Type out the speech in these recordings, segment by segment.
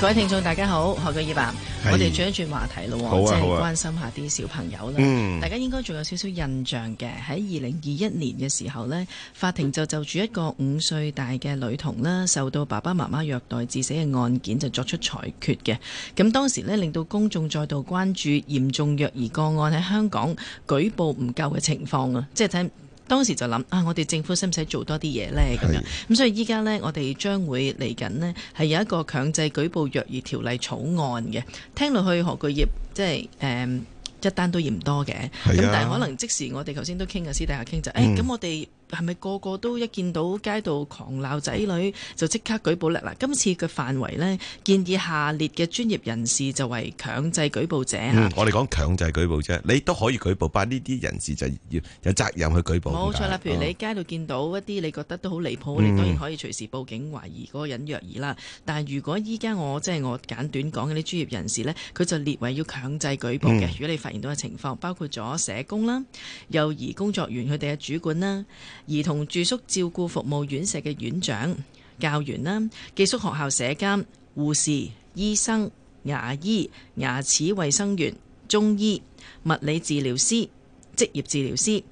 各位聽眾，大家好，何國義啊！我哋轉一轉話題咯，即係關心下啲小朋友啦、嗯。大家應該仲有少少印象嘅，喺二零二一年嘅時候呢，法庭就就住一個五歲大嘅女童啦，受到爸爸媽媽虐待致死嘅案件就作出裁決嘅。咁當時呢，令到公眾再度關注嚴重虐兒個案喺香港舉報唔夠嘅情況啊！即係睇。當時就諗啊，我哋政府使唔使做多啲嘢呢？咁樣咁、嗯、所以依家呢，我哋將會嚟緊呢，係有一個強制舉報虐兒條例草案嘅。聽落去何巨業，即係誒、嗯、一單都嫌多嘅。咁、啊、但係可能即時我哋頭先都傾嘅私底下傾就咁、欸、我哋。嗯係咪個個都一見到街度狂鬧仔女就即刻舉報咧？嗱、啊，今次嘅範圍呢，建議下列嘅專業人士就為強制舉報者、嗯、我哋講強制舉報啫，你都可以舉報，但呢啲人士就要有責任去舉報。冇錯啦，譬如你喺街度見到一啲你覺得都好離譜、嗯，你當然可以隨時報警懷疑嗰個人虐兒啦。但如果依家我即係、就是、我簡短講嘅啲專業人士呢，佢就列為要強制舉報嘅。如果你發現到嘅情況，嗯、包括咗社工啦、幼兒工作員佢哋嘅主管啦。兒童住宿照顧服務院舍嘅院長、教員啦，寄宿學校社監、護士、醫生、牙醫、牙齒衛生員、中醫、物理治療師、職業治療師、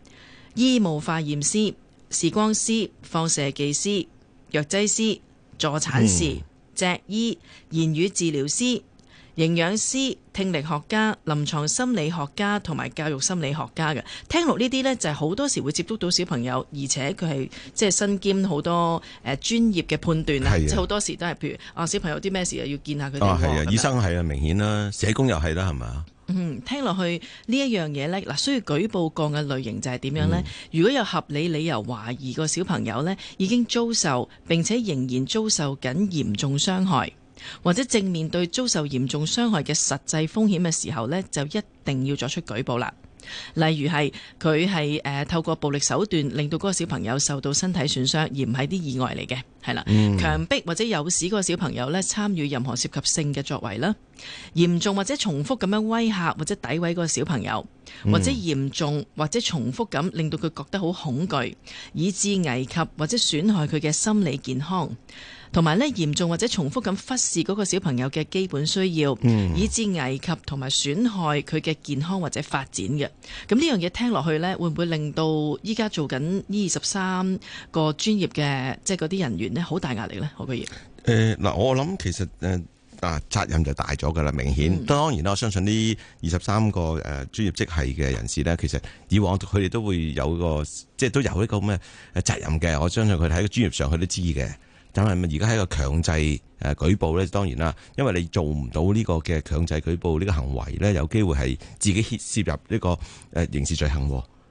醫務化驗師、視光師、放射技師、藥劑師、助產士、脊醫、言語治療師。營養師、聽力學家、臨床心理學家同埋教育心理學家嘅聽落呢啲呢，就係好多時會接觸到小朋友，而且佢係即係身兼好多誒專業嘅判斷啦。係、啊，即好多時都係譬如啊，小朋友啲咩事又要見下佢哋。啊，係、啊、醫生係啊，明顯啦、啊，社工又係啦、啊，係咪？嗯，聽落去呢一樣嘢呢，嗱需要舉報個嘅類型就係點樣呢？嗯、如果有合理理由懷疑個小朋友呢已經遭受並且仍然遭受緊嚴重傷害。或者正面對遭受嚴重傷害嘅實際風險嘅時候呢，就一定要作出舉報啦。例如係佢係誒透過暴力手段令到嗰個小朋友受到身體損傷，而唔係啲意外嚟嘅，係、嗯、啦。強迫或者誘使嗰個小朋友咧參與任何涉及性嘅作為啦，嚴重或者重複咁樣威嚇或者詆毀嗰個小朋友，或者嚴重或者重複咁令到佢覺得好恐懼，以致危及或者損害佢嘅心理健康。同埋咧，嚴重或者重複咁忽視嗰個小朋友嘅基本需要，嗯、以致危及同埋損害佢嘅健康或者發展嘅。咁呢樣嘢聽落去呢，會唔會令到依家做緊呢二十三個專業嘅，即係嗰啲人員呢，好大壓力呢？我覺得。誒嗱，我諗其實誒啊、呃，責任就大咗噶啦，明顯。嗯、當然啦，我相信呢二十三個誒專業職系嘅人士呢，其實以往佢哋都會有個，即係都有一個咩責任嘅。我相信佢喺個專業上，佢都知嘅。而家係一個強制誒舉報咧，當然啦，因為你做唔到呢個嘅強制舉報呢個行為咧，有機會係自己涉入呢個誒刑事罪行。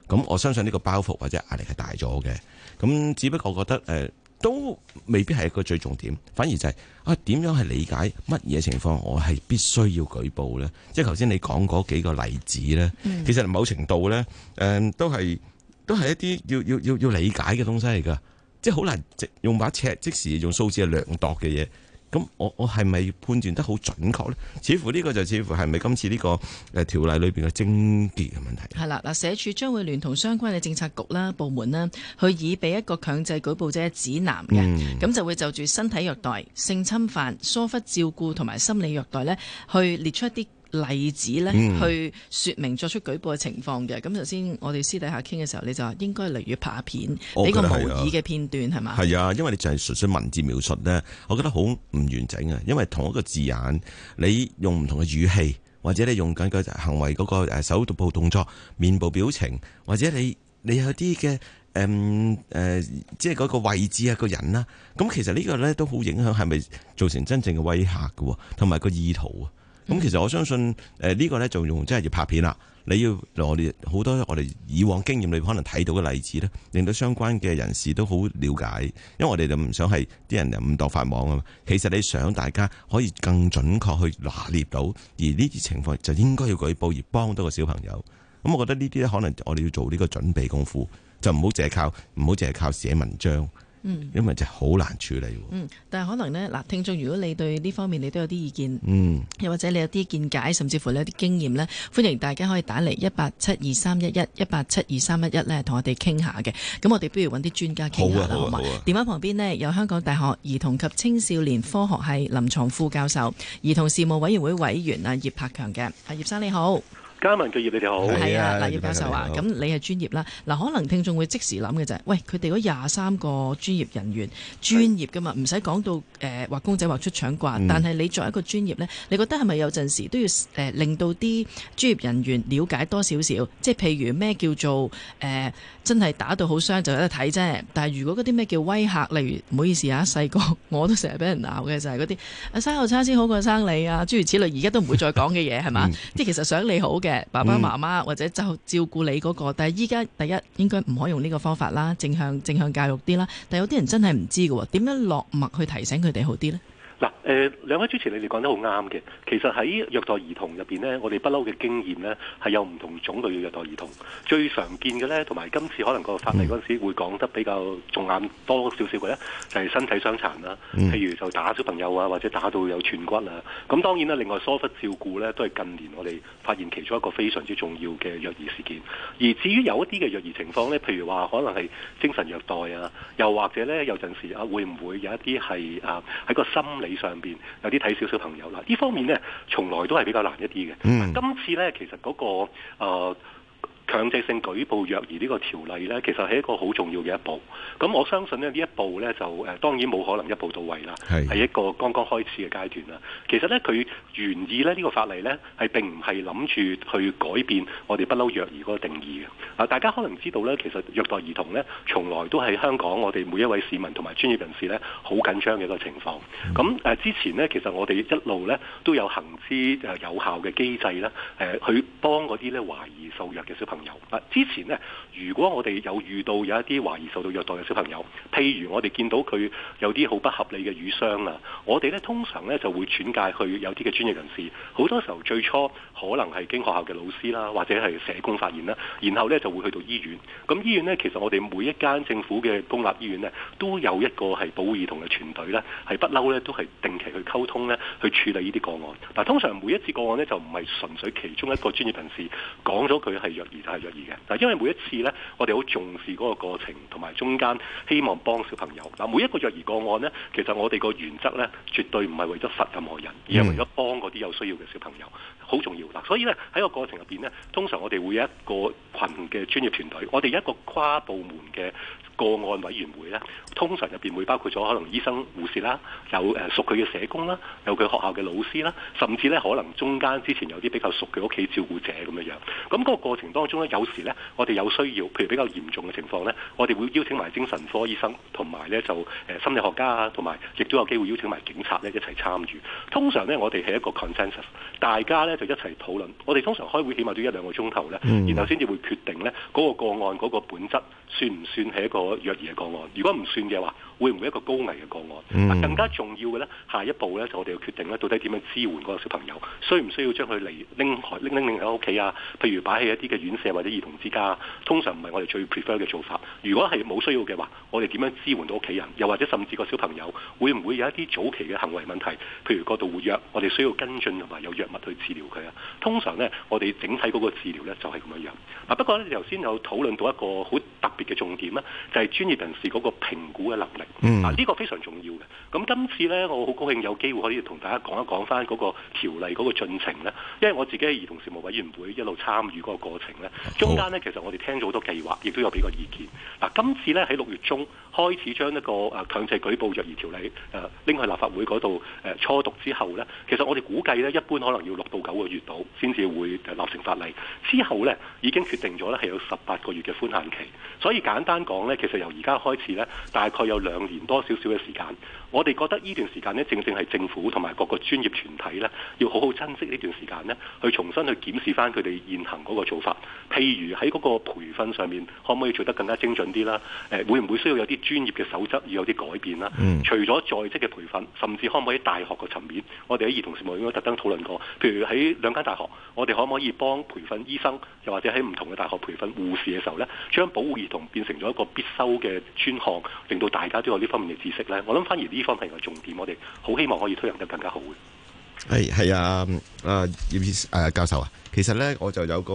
咁我相信呢個包袱或者壓力係大咗嘅。咁只不過我覺得誒、呃，都未必係一個最重點。反而就係、是、啊，點樣去理解乜嘢情況，我係必須要舉報咧。即係頭先你講嗰幾個例子咧，其實某程度咧誒、呃，都係都係一啲要要要要理解嘅東西嚟噶。即係好難即用把尺即時用數字量度嘅嘢，咁我我係咪判斷得好準確咧？似乎呢個就似乎係咪今次呢個誒條例裏邊嘅症結嘅問題？係啦，嗱，社署將會聯同相關嘅政策局啦、部門啦，去擬備一個強制舉報者嘅指南嘅，咁就會就住身體虐待、性侵犯、疏忽照顧同埋心理虐待咧，去列出一啲例子咧，去説明作出舉報嘅情況嘅。咁頭先我哋私底下傾嘅時候，你就話應該嚟越拍片，俾、啊、個模擬嘅片段係嘛？係啊，因為你就係純粹文字描述咧，我覺得好唔完整啊。因為同一個字眼，你用唔同嘅語氣，或者你用緊嘅行為嗰個誒手部動作、面部表情，或者你你有啲嘅誒誒，即係嗰個位置啊，嗰個人啦。咁其實呢個咧都好影響係咪造成真正嘅威嚇嘅，同埋個意圖啊。咁其實我相信，誒呢個咧就用真係要拍片啦。你要羅列好多我哋以往經驗裏可能睇到嘅例子咧，令到相關嘅人士都好了解。因為我哋就唔想係啲人又誤墮法網啊嘛。其實你想大家可以更準確去拿捏到而呢啲情況，就應該要舉報而幫到個小朋友。咁我覺得呢啲咧，可能我哋要做呢個準備功夫，就唔好淨係靠，唔好淨係靠寫文章。嗯，因為就好難處理。嗯，但係可能呢，嗱，聽眾，如果你對呢方面你都有啲意見，嗯，又或者你有啲見解，甚至乎你有啲經驗呢，歡迎大家可以打嚟一八七二三一一一八七二三一一呢，同我哋傾下嘅。咁我哋不如揾啲專家傾下好嘛，啊。電話，啊啊，旁邊呢，有香港大學兒童及青少年科學系臨牀副教授、兒童事務委員會委員啊葉柏強嘅，阿葉生，你好。嘉文，企業，你哋好。係啊，嗱，葉教授啊，咁、嗯、你係專業啦。嗱，可能聽眾會即時諗嘅就係，喂，佢哋嗰廿三個專業人員，專業嘅嘛，唔使講到誒畫、呃、公仔畫出腸掛、嗯。但係你作為一個專業咧，你覺得係咪有陣時都要誒、呃、令到啲專業人員了解多少少？即、就、係、是、譬如咩叫做誒、呃、真係打到好傷就有得睇啫。但係如果嗰啲咩叫威吓，例如唔好意思啊，細個我都成日俾人鬧嘅就係嗰啲啊，生嚿叉燒好過生你啊，諸如此類，而家都唔會再講嘅嘢係嘛？即係 其實想你好嘅。嘅爸爸媽媽或者就照，照顧你嗰，那個，嗯、但係依家第一應該唔可以用呢個方法啦，正向正向教育啲啦。但係有啲人真係唔知喎，點樣落墨去提醒佢哋好啲呢？嗱，誒兩位主持，你哋講得好啱嘅。其實喺虐待兒童入面呢，我哋不嬲嘅經驗呢，係有唔同種類嘅虐待兒童。最常見嘅呢，同埋今次可能個法例嗰陣時會講得比較重眼多少少嘅呢，就係身體傷殘啦。譬如就打小朋友啊，或者打到有斷骨啊。咁當然啦，另外疏忽照顧呢，都係近年我哋發現其中一個非常之重要嘅虐兒事件。而至於有一啲嘅虐兒情況呢，譬如話可能係精神虐待啊，又或者呢，有陣時啊，會唔會有一啲係啊喺個心理？你、嗯、上邊有啲睇少少朋友啦，呢方面咧從來都係比較難一啲嘅。今次咧其實嗰、嗰個誒。呃強制性舉報虐兒呢個條例呢，其實係一個好重要嘅一步。咁我相信呢呢一步呢，就誒、呃、當然冇可能一步到位啦，係一個剛剛開始嘅階段啦。其實呢，佢原意呢呢、呢個法例呢，係並唔係諗住去改變我哋不嬲虐兒嗰個定義嘅。啊，大家可能知道呢，其實虐待兒童呢，從來都係香港我哋每一位市民同埋專業人士呢好緊張嘅一個情況。咁誒、啊、之前呢，其實我哋一路呢都有行之有效嘅機制啦、呃，去幫嗰啲呢懷疑受虐嘅小朋友。之前呢，如果我哋有遇到有一啲懷疑受到虐待嘅小朋友，譬如我哋見到佢有啲好不合理嘅瘀傷啊，我哋呢通常呢就會轉介去有啲嘅專業人士。好多時候最初可能係經學校嘅老師啦，或者係社工發現啦，然後呢就會去到醫院。咁醫院呢，其實我哋每一間政府嘅公立醫院呢，都有一個係保護兒童嘅團隊呢，係不嬲呢都係定期去溝通呢去處理呢啲個案。但通常每一次個案呢，就唔係純粹其中一個專業人士講咗佢係虐待。係虐兒嘅，嗱，因為每一次咧，我哋好重視嗰個過程，同埋中間，希望幫小朋友。嗱，每一個虐兒個案咧，其實我哋個原則咧，絕對唔係為咗罰任何人，而係為咗幫嗰啲有需要嘅小朋友。好重要嗱，所以咧喺個過程入邊咧，通常我哋會有一個群嘅專業團隊，我哋一個跨部門嘅個案委員會咧，通常入邊會包括咗可能醫生、護士啦，有誒熟佢嘅社工啦，有佢學校嘅老師啦，甚至咧可能中間之前有啲比較熟嘅屋企照顧者咁樣樣。咁個過程當中咧，有時咧我哋有需要，譬如比較嚴重嘅情況咧，我哋會邀請埋精神科醫生同埋咧就誒心理學家啊，同埋亦都有機會邀請埋警察咧一齊參與。通常咧我哋係一個 consensus，大家咧。就一齊討論，我哋通常開會起碼都一兩個鐘頭咧，然後先至會決定咧嗰個個案嗰個本質算唔算係一個虐兒嘅個案？如果唔算嘅話。會唔會一個高危嘅個案？嗯，更加重要嘅呢，下一步呢，就我哋要決定到底點樣支援嗰個小朋友？需唔需要將佢嚟拎拎拎拎喺屋企啊？譬如擺喺一啲嘅院舍或者兒童之家，通常唔係我哋最 prefer 嘅做法。如果係冇需要嘅話，我哋點樣支援到屋企人？又或者甚至個小朋友會唔會有一啲早期嘅行為問題？譬如過度活躍，我哋需要跟進同埋有藥物去治療佢啊。通常呢，我哋整體嗰個治療呢，就係咁樣樣。不過呢，你頭先有討論到一個好特別嘅重點呢就係，專業人士嗰個評估嘅能力。嗯，呢、這個非常重要嘅。咁今次呢，我好高興有機會可以同大家講一講翻嗰個條例嗰、嗰個進程呢，因為我自己係兒童事務委員會一路參與嗰個過程呢，中間呢，其實我哋聽咗好多計劃，亦都有俾個意見。嗱，今次呢，喺六月中開始將一個誒強、呃、制舉報虐兒條例拎、呃、去立法會嗰度誒初讀之後呢，其實我哋估計呢，一般可能要六到九個月度先至會落成法例。之後呢，已經決定咗呢係有十八個月嘅寬限期，所以簡單講呢，其實由而家開始呢，大概有兩。兩年多少少嘅時間，我哋覺得呢段時間咧，正正係政府同埋各個專業團體咧，要好好珍惜呢段時間咧，去重新去檢視翻佢哋現行嗰個做法。譬如喺嗰個培訓上面，可唔可以做得更加精準啲啦？誒，會唔會需要有啲專業嘅守則要有啲改變啦？除咗在職嘅培訓，甚至可唔可以大學嘅層面？我哋喺兒童事務委員會特登討論過，譬如喺兩間大學，我哋可唔可以幫培訓醫生，又或者喺唔同嘅大學培訓護士嘅時候咧，將保護兒童變成咗一個必修嘅專項，令到大家，呢方面嘅知識咧，我諗反而呢方面嘅重點，我哋好希望可以推行得更加好嘅。係係啊，誒、啊、葉教授啊，其實咧我就有個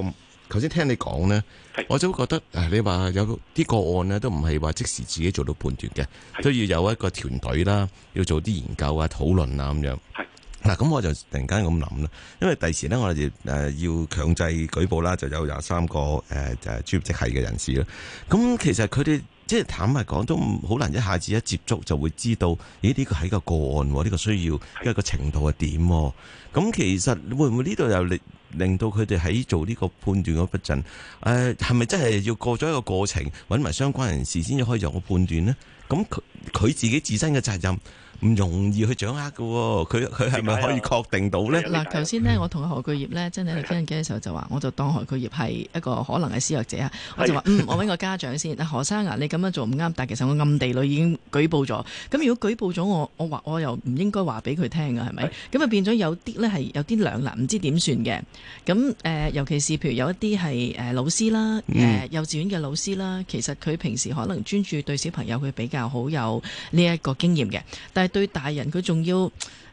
頭先聽你講咧，我就覺得誒、哎、你話有啲個案咧都唔係話即時自己做到判斷嘅，都要有一個團隊啦，要做啲研究啊、討論啊咁樣。係嗱，咁、啊、我就突然間咁諗啦，因為第時咧我哋誒要強制舉報啦，就有廿三個誒、呃、就係專業職系嘅人士啦。咁其實佢哋即係坦白講，都好難一下子一接觸就會知道，咦？呢個係個個案，呢個需要一個程度係點？咁其實會唔會呢度又令令到佢哋喺做呢個判斷嗰不陣？誒係咪真係要過咗一個過程揾埋相關人士先至可以做個判斷呢？咁佢佢自己自身嘅責任。唔容易去掌握嘅、哦，佢佢係咪可以確定到呢？嗱，頭先呢，我同何巨業呢， 真係去傾嘅時候就話，我就當何巨業係一個可能係施虐者啊，我就話嗯，我揾個家長先。啊、何生啊，你咁樣做唔啱，但其實我暗地裏已經舉報咗。咁如果舉報咗我，我話我又唔應該話俾佢聽啊，係咪？咁啊變咗有啲呢係有啲兩難，唔知點算嘅。咁誒、呃，尤其是譬如有一啲係誒老師啦，呃、幼稚園嘅老師啦，嗯、其實佢平時可能專注對小朋友佢比較好有呢一個經驗嘅，但係。對大人佢仲要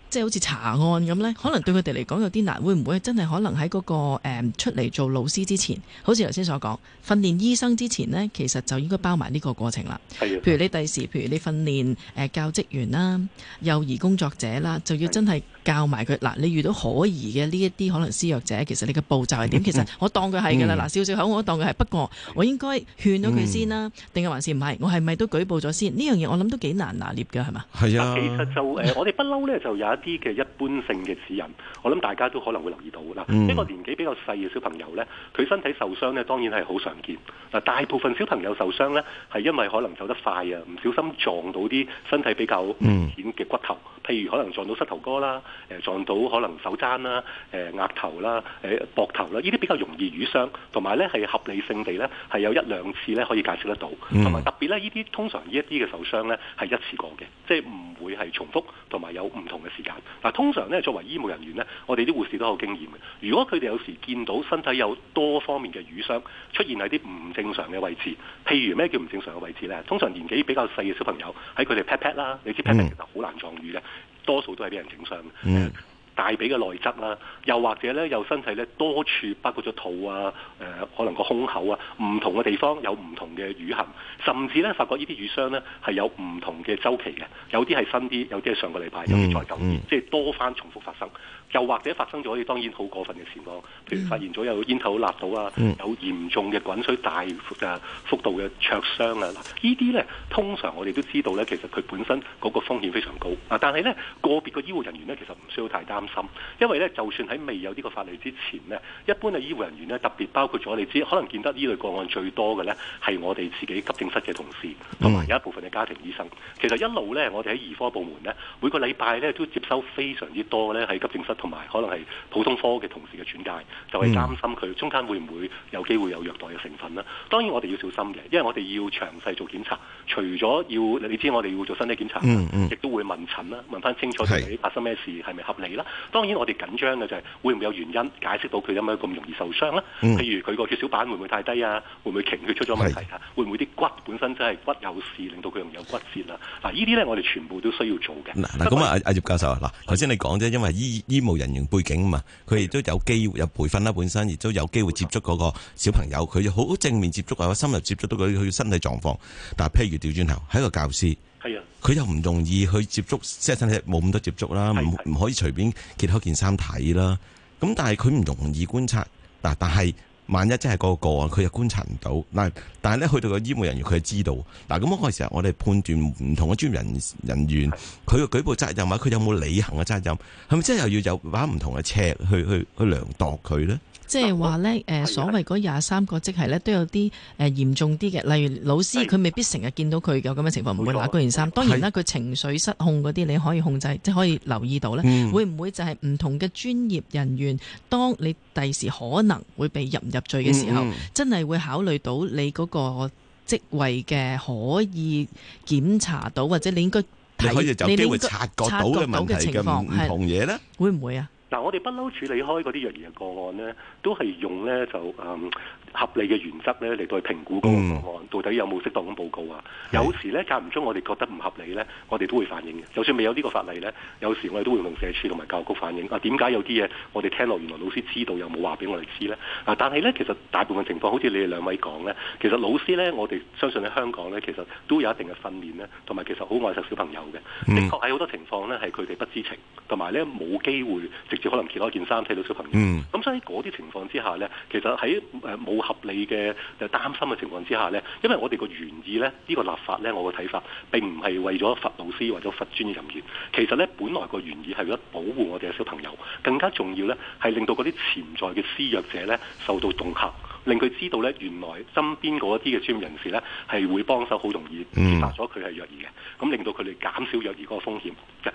即係好似查案咁呢，可能對佢哋嚟講有啲難。會唔會真係可能喺嗰個誒出嚟做老師之前，好似頭先所講訓練醫生之前呢，其實就應該包埋呢個過程啦。譬如你第時，譬如你訓練誒教職員啦、幼兒工作者啦，就要真係。教埋佢嗱，你遇到可疑嘅呢一啲可能施虐者，其實你嘅步驟係點？其實我當佢係㗎啦，嗱、 嗯、笑笑口我都當佢係。不過我應該勸到佢先啦、啊，定、嗯、係還是唔係？我係咪都舉報咗先？呢樣嘢我諗都幾難拿捏㗎，係嘛？啊，其實就、呃、我哋不嬲咧，就有一啲嘅一般性嘅指引，我諗大家都可能會留意到嘅啦。呢個年紀比較細嘅小朋友咧，佢身體受傷咧，當然係好常見嗱。大部分小朋友受傷咧，係因為可能走得快啊，唔小心撞到啲身體比較明顯嘅骨頭，譬如可能撞到膝頭哥啦。誒、呃、撞到可能手踭啦、誒、呃、額頭啦、誒、呃、膊頭啦，呢啲比較容易瘀傷，同埋咧係合理性地咧係有一兩次咧可以解釋得到，別呢呢同埋特別咧呢啲通常呢一啲嘅受傷咧係一次過嘅，即係唔會係重複同埋有唔同嘅時間。嗱，通常咧作為醫務人員咧，我哋啲護士都好經驗嘅。如果佢哋有時見到身體有多方面嘅瘀傷出現喺啲唔正常嘅位置，譬如咩叫唔正常嘅位置咧？通常年紀比較細嘅小朋友喺佢哋 pat pat 啦，你知 pat pat 其實好難撞瘀嘅。多數都係俾人整傷。嗯。大髀嘅內側啦，又或者咧，有身體咧多處，包括咗肚啊、呃，可能個胸口啊，唔同嘅地方有唔同嘅瘀痕，甚至咧發覺呢啲瘀傷咧係有唔同嘅周期嘅，有啲係新啲，有啲係上個禮拜，有啲再咁，即係多返重複發生。又或者發生咗，當然好過分嘅情況，譬如發現咗有煙頭臘到啊，有嚴重嘅滾水大幅度嘅灼傷啊，嗱，呢啲咧通常我哋都知道咧，其實佢本身嗰個風險非常高啊，但係咧個別嘅醫護人員咧，其實唔需要太擔心。心，因為咧，就算喺未有呢個法例之前呢，一般嘅醫護人員呢，特別包括咗你知，可能見得呢類個案最多嘅呢係我哋自己急症室嘅同事，同埋有一部分嘅家庭醫生。其實一路呢，我哋喺兒科部門呢，每個禮拜呢都接收非常之多呢，喺急症室同埋可能係普通科嘅同事嘅轉介，就係、是、擔心佢中間會唔會有機會有虐待嘅成分啦。當然我哋要小心嘅，因為我哋要詳細做檢查，除咗要你知我哋要做身體檢查，亦、嗯嗯、都會問診啦，問翻清楚到底發生咩事，係咪合理啦。當然我哋緊張嘅就係會唔會有原因解釋到佢點解咁容易受傷咧？譬、嗯、如佢個血小板會唔會太低啊？會唔會凝血出咗問題啊？會唔會啲骨本身真係骨有事，令到佢唔有骨折啦、啊？嗱，呢啲咧我哋全部都需要做嘅。嗱嗱，咁啊，阿葉教授啊，嗱，頭先你講啫，因為醫醫務人員背景啊嘛，佢亦都有機會有培訓啦，本身亦都有機會接觸嗰個小朋友，佢好正面接觸或者深入接觸到佢佢身體狀況。但係譬如掉轉頭，係一個教師。佢又唔容易去接觸，即係身體冇咁多接觸啦，唔可以隨便揭開件衫睇啦。咁但係佢唔容易觀察，嗱，但係。萬一真係嗰個個案，佢又觀察唔到。嗱，但係咧去到個醫務人員，佢知道。嗱，咁嗰個時候，我哋判斷唔同嘅專業人員，佢嘅舉報責任或，佢有冇履行嘅責任，係咪真係又要有把唔同嘅尺去去去量度佢咧？即係話咧，呃、所謂嗰廿三個職系咧，都有啲、呃、嚴重啲嘅，例如老師，佢未必成日見到佢有咁嘅情況，唔會拿嗰件衫。當然啦，佢情緒失控嗰啲，你可以控制，即係可以留意到咧。會唔會就係唔同嘅專業人員，當你？第時可能會被入唔入罪嘅時候，真係會考慮到你嗰個職位嘅可以檢查到，或者你應該睇你可以有機會察覺到嘅問題嘅唔同嘢咧，會唔會啊？嗱，我哋不嬲處理開嗰啲虐兒嘅個案咧，都係用咧就誒，合理嘅原則咧嚟到去評估嗰個案、mm. 到底有冇適當咁報告啊？有時咧間唔中我哋覺得唔合理咧，我哋都會反映嘅。就算未有呢個法例咧，有時我哋都會用社處同埋教育局反映啊。點解有啲嘢我哋聽落原來老師知道又冇話俾我哋知咧？啊，但係咧其實大部分情況好似你哋兩位講咧，其實老師咧我哋相信喺香港咧其實都有一定嘅訓練咧，同埋其實好愛錫小朋友嘅。的、mm. 確喺好多情況咧係佢哋不知情，同埋咧冇機會直接可能揭開件衫睇到小朋友。咁、mm. 所以嗰啲情況之下咧，其實喺誒冇，呃合理嘅擔心嘅情況之下咧，因為我哋個原意咧，呢個立法咧，我嘅睇法並唔係為咗罰老師或者罰專業人員。其實咧，本來個原意係為咗保護我哋嘅小朋友，更加重要咧，係令到嗰啲潛在嘅施虐者咧受到恫嚇。令佢知道呢，原來身邊嗰啲嘅專業人士呢，係會幫手好容易揭發咗佢係虐兒嘅，咁、mm. 令到佢哋減少虐兒嗰個風險。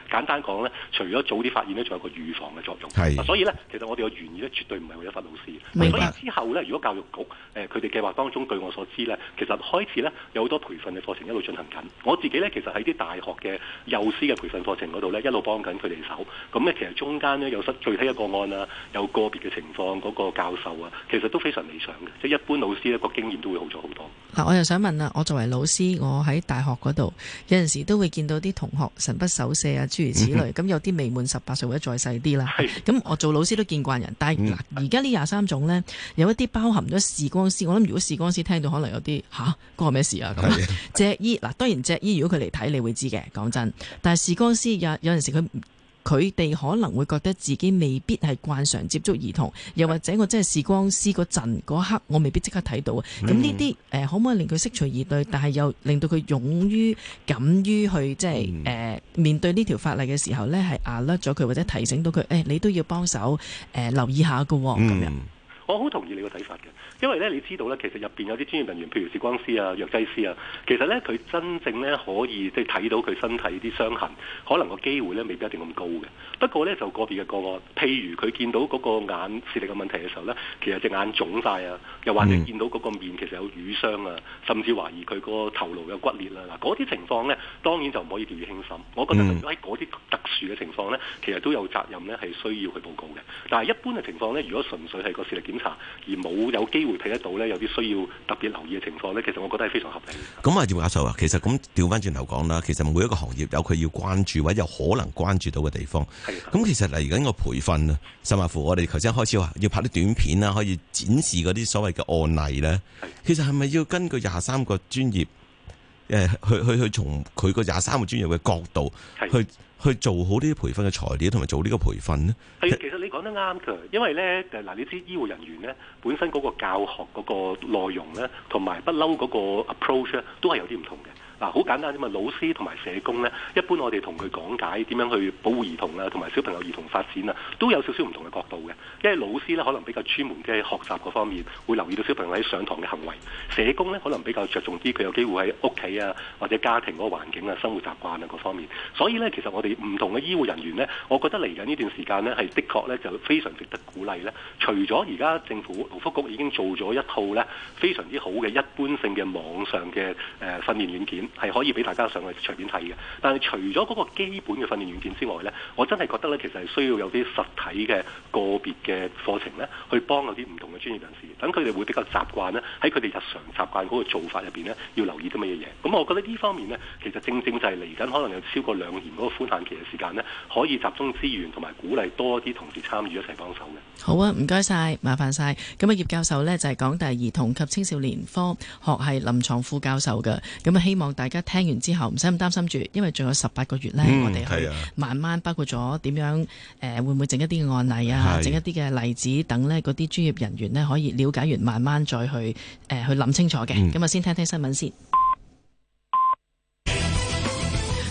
簡單講呢，除咗早啲發現呢，仲有個預防嘅作用。所以呢，其實我哋嘅原意呢，絕對唔係為咗罰老師。所以之後呢，如果教育局佢哋、呃、計劃當中，據我所知呢，其實開始呢，有好多培訓嘅課程一路進行緊。我自己呢，其實喺啲大學嘅幼師嘅培訓課程嗰度呢，一路幫緊佢哋手。咁呢，其實中間呢，有失具體嘅個案啊，有個別嘅情況，嗰、那個教授啊，其實都非常理想。即一般老師呢個經驗都會好咗好多。嗱，我又想問啦，我作為老師，我喺大學嗰度有陣時都會見到啲同學神不守舍啊，諸如此類。咁 有啲未滿十八歲或者再細啲啦。咁 我做老師都見慣人。但係而家呢廿三種呢，有一啲包含咗視光師。我諗如果視光師聽到，可能有啲吓，關我咩事啊？咁脊醫嗱，當然脊醫如果佢嚟睇，你會知嘅。講真，但係視光師有有陣時佢。佢哋可能會覺得自己未必係慣常接觸兒童，又或者我真係視光師嗰陣嗰一刻，我未必即刻睇到啊。咁呢啲誒，可唔可以令佢釋除疑慮？但係又令到佢勇於、敢於去即係誒面對呢條法例嘅時候呢係牙甩咗佢，或者提醒到佢誒、哎，你都要幫手誒、呃、留意下嘅、哦。咁樣，我好同意你個睇法嘅。因為咧，你知道咧，其實入邊有啲專業人員，譬如視光師啊、藥劑師啊，其實咧佢真正咧可以即係睇到佢身體啲傷痕，可能個機會咧未必一定咁高嘅。不過咧，就個別嘅個案，譬如佢見到嗰個眼視力嘅問題嘅時候咧，其實隻眼腫晒啊，又或者見到嗰個面其實有瘀傷啊，嗯、甚至懷疑佢個頭顱有骨裂啦。嗱，嗰啲情況咧，當然就唔可以掉以輕心。我覺得喺嗰啲特殊嘅情況咧，其實都有責任咧係需要去報告嘅。但係一般嘅情況咧，如果純粹係個視力檢查而冇有機，會睇得到咧，有啲需要特別留意嘅情況咧，其實我覺得係非常合理嘅。咁啊，葉教授啊，其實咁調翻轉頭講啦，其實每一個行業有佢要關注或者有可能關注到嘅地方。係。咁其實嚟緊個培訓啊，甚或乎我哋頭先開始話要拍啲短片啊，可以展示嗰啲所謂嘅案例咧，其實係咪要根據廿三個專業？誒、呃，去去去，從佢個廿三個專業嘅角度去。去做好呢啲培訓嘅材料，同埋做呢個培訓咧。係啊，其實你講得啱㗎，因為咧，嗱，你知醫護人員咧，本身嗰個教學嗰個內容咧，同埋不嬲嗰個 approach 咧，都係有啲唔同嘅。嗱、啊，好簡單啫嘛！老師同埋社工咧，一般我哋同佢講解點樣去保護兒童啊，同埋小朋友兒童發展啊，都有少少唔同嘅角度嘅。因為老師咧可能比較專門啲喺學習嗰方面，會留意到小朋友喺上堂嘅行為；社工咧可能比較着重啲佢有機會喺屋企啊，或者家庭嗰個環境啊、生活習慣啊嗰方面。所以咧，其實我哋唔同嘅醫護人員咧，我覺得嚟緊呢段時間咧，係的確咧就非常值得鼓勵咧。除咗而家政府勞福局已經做咗一套咧非常之好嘅一般性嘅網上嘅、呃、訓練軟件。係可以俾大家上去隨便睇嘅，但係除咗嗰個基本嘅訓練軟件之外呢，我真係覺得呢，其實係需要有啲實體嘅個別嘅課程呢，去幫有啲唔同嘅專業人士，等佢哋會比較習慣呢，喺佢哋日常習慣嗰個做法入邊呢，要留意啲乜嘢嘢。咁我覺得呢方面呢，其實正正就係嚟緊可能有超過兩年嗰個寬限期嘅時間呢，可以集中資源同埋鼓勵多啲同事參與一齊幫手嘅。好啊，唔該晒，麻煩晒。咁啊，葉教授呢，就係港大兒童及青少年科學系臨床副教授嘅，咁啊希望。大家聽完之後唔使咁擔心住，因為仲有十八個月呢，嗯、我哋係慢慢包括咗點樣誒、呃，會唔會整一啲嘅案例啊，整一啲嘅例子等呢。嗰啲專業人員呢，可以了解完，慢慢再去誒、呃、去諗清楚嘅。咁、嗯、啊，咁先聽聽新聞先。嗯、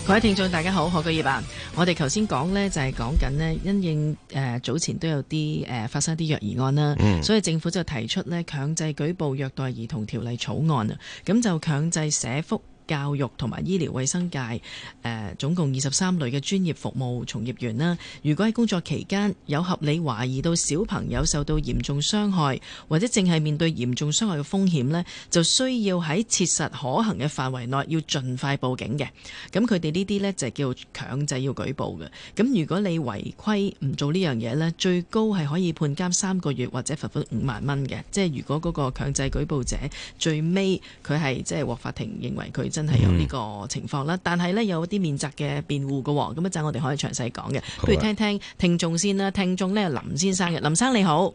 各位聽眾大家好，何君業啊，我哋頭先講呢，就係講緊呢因應誒、呃、早前都有啲誒、呃、發生一啲虐兒案啦、嗯，所以政府就提出呢強制舉報虐待兒童條例草案啊，咁就強制社福。教育同埋醫療衛生界誒、呃、總共二十三類嘅專業服務從業員啦，如果喺工作期間有合理懷疑到小朋友受到嚴重傷害，或者淨係面對嚴重傷害嘅風險咧，就需要喺切實可行嘅範圍內要盡快報警嘅。咁佢哋呢啲呢就係叫強制要舉報嘅。咁如果你違規唔做呢樣嘢呢，最高係可以判監三個月或者罰款五萬蚊嘅。即係如果嗰個強制舉報者最尾，佢係即係獲法庭認為佢。真係有呢個情況啦，但係咧有啲免責嘅辯護嘅，咁一陣我哋可以詳細講嘅，不如聽聽聽眾先啦。聽眾咧，林先生嘅，林生你好，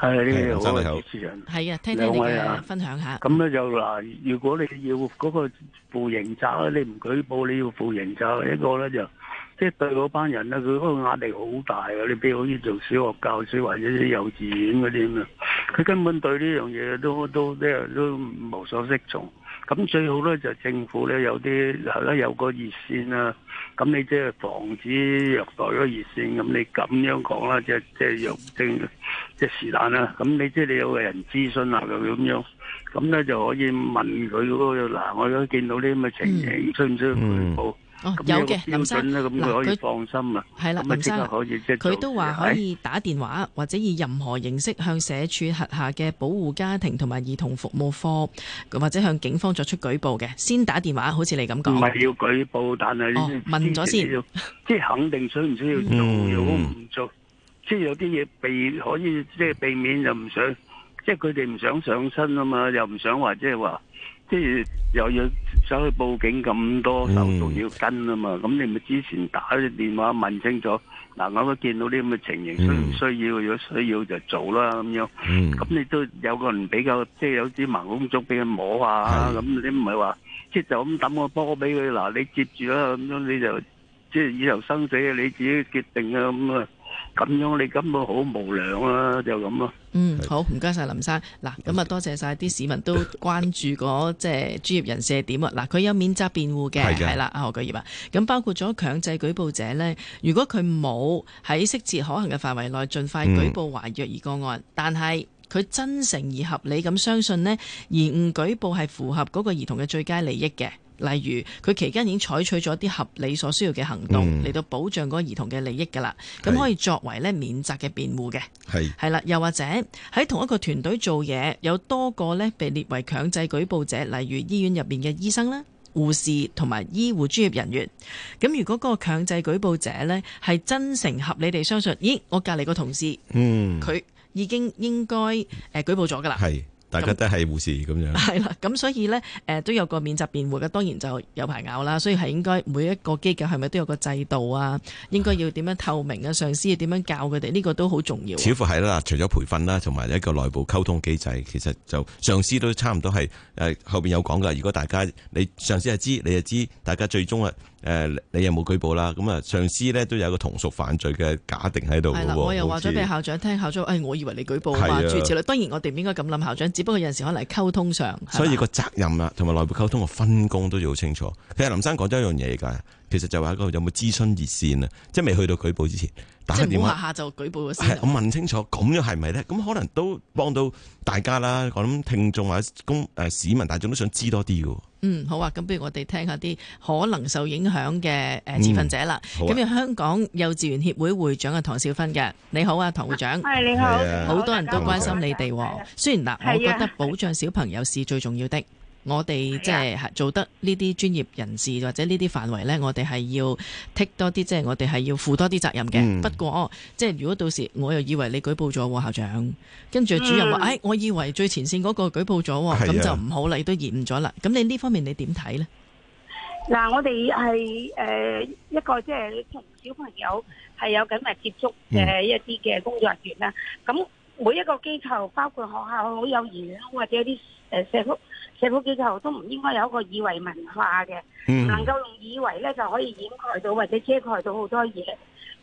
係你好，主持人，係啊，聽聽你嘅分享下。咁咧就嗱，如果你要嗰個負刑責咧，你唔舉報，你要負刑責。一個咧就即係對嗰班人咧，佢嗰個壓力好大嘅。你譬如好似做小學教書或者啲幼稚園嗰啲咁樣，佢根本對呢樣嘢都都咧都無所適從。咁最好咧就政府咧有啲係啦，有個熱線啊，咁你即係防止虐待嗰熱線，咁你咁樣講啦，即係即係，即係即係弱徵即係，是但啦，咁你即係你有個人諮詢啊咁樣，咁咧就可以問佢嗰個嗱，我而家見到呢咁嘅情形，需唔需要佢報哦，有嘅，林生嗱，佢可以放心啦，係啦，林生，佢都話可以打電話或者以任何形式向社署轄下嘅保護家庭同埋兒童服務科，或者向警方作出舉報嘅。先打電話，好似你咁講。唔係要舉報，但係哦，問咗先，即係肯定想唔想要做，又唔做，即係有啲嘢，避，可以即係避免又唔想，即係佢哋唔想上身啊嘛，又唔想話即係話，即係又要。走去報警咁多手續要跟啊嘛，咁你咪之前打啲電話問清楚。嗱我都見到啲咁嘅情形需唔需要？如果需要就做啦咁樣。咁你都有個人比較即係有啲盲公竹俾佢摸下，咁你唔係話即係就咁抌個波俾佢，嗱你接住啦咁樣你就即係以後生死你自己決定啊咁啊！咁樣你根本好無良啦，啊，就咁咯，啊。嗯，好，唔該晒林生嗱。咁啊多謝晒啲市民都關注嗰即係專業人士係點啊。嗱，佢有免責辯護嘅係啦，阿何舉業啊。咁包括咗強制舉報者呢。如果佢冇喺適切可行嘅範圍內，盡快舉報懷虐兒個案，嗯，但係佢真誠而合理咁相信呢，而唔舉報係符合嗰個兒童嘅最佳利益嘅。例如，佢期間已經採取咗啲合理所需要嘅行動嚟、嗯、到保障嗰個兒童嘅利益㗎啦，咁可以作為咧免責嘅辯護嘅。係係啦，又或者喺同一個團隊做嘢有多個咧被列為強制舉報者，例如醫院入邊嘅醫生啦、護士同埋醫護專業人員。咁如果嗰個強制舉報者咧係真誠合理地相信，咦，我隔離個同事，嗯，佢已經應該誒、呃、舉報咗㗎啦。係。大家都係護士咁樣，係啦，咁所以咧，誒，都有個免責辯護嘅，當然就有排拗啦，所以係應該每一個機構係咪都有個制度啊？應該要點樣透明啊？上司要點樣教佢哋？呢個都好重要。似乎係啦，除咗培訓啦，同埋一個內部溝通機制，其實就上司都差唔多係誒，後邊有講噶。如果大家你上司係知，你就知，大家最終啊。誒，你有冇舉報啦？咁啊，上司咧都有一個同屬犯罪嘅假定喺度。我又話咗俾校長聽，校長，誒像、哎，我以為你舉報話住銷啦。當然，我哋唔應該咁諗，校長。只不過有陣時可能係溝通上，所以個責任啦，同埋內部溝通嘅分工都要好清楚。其實林生講咗一樣嘢噶。其實就話一個有冇諮詢熱線啊，即係未去到舉報之前，打個電話下下就舉報嘅事。係我問清楚咁樣係咪咧？咁可能都幫到大家啦。我諗聽眾或者公誒市民大眾都想知多啲嘅。嗯，好啊，咁不如我哋聽下啲可能受影響嘅誒諮詢者啦。咁、嗯、有、啊、香港幼稚園協會會長嘅唐少勳嘅，你好啊，唐會長。係、嗯、你好。好多人都關心你哋、嗯嗯嗯。雖然嗱，我覺得保障小朋友是最重要的。我哋即係做得呢啲專業人士或者這些呢啲範圍呢，我哋係要剔多啲，即、就、係、是、我哋係要負多啲責任嘅、嗯。不過即係如果到時我又以為你舉報咗、啊、校長，跟住主任話，誒、嗯哎，我以為最前線嗰個舉報咗、啊，咁、嗯、就唔好啦，亦都延誤咗啦。咁你呢方面你點睇呢？嗱，我哋係誒一個即係同小朋友係有緊密接觸嘅一啲嘅工作人員啦。咁、嗯、每一個機構包括學校、好幼兒園或者一啲誒社福。社福機構都唔應該有一個以為文化嘅，能夠用以為咧就可以掩蓋到或者遮蓋到好多嘢，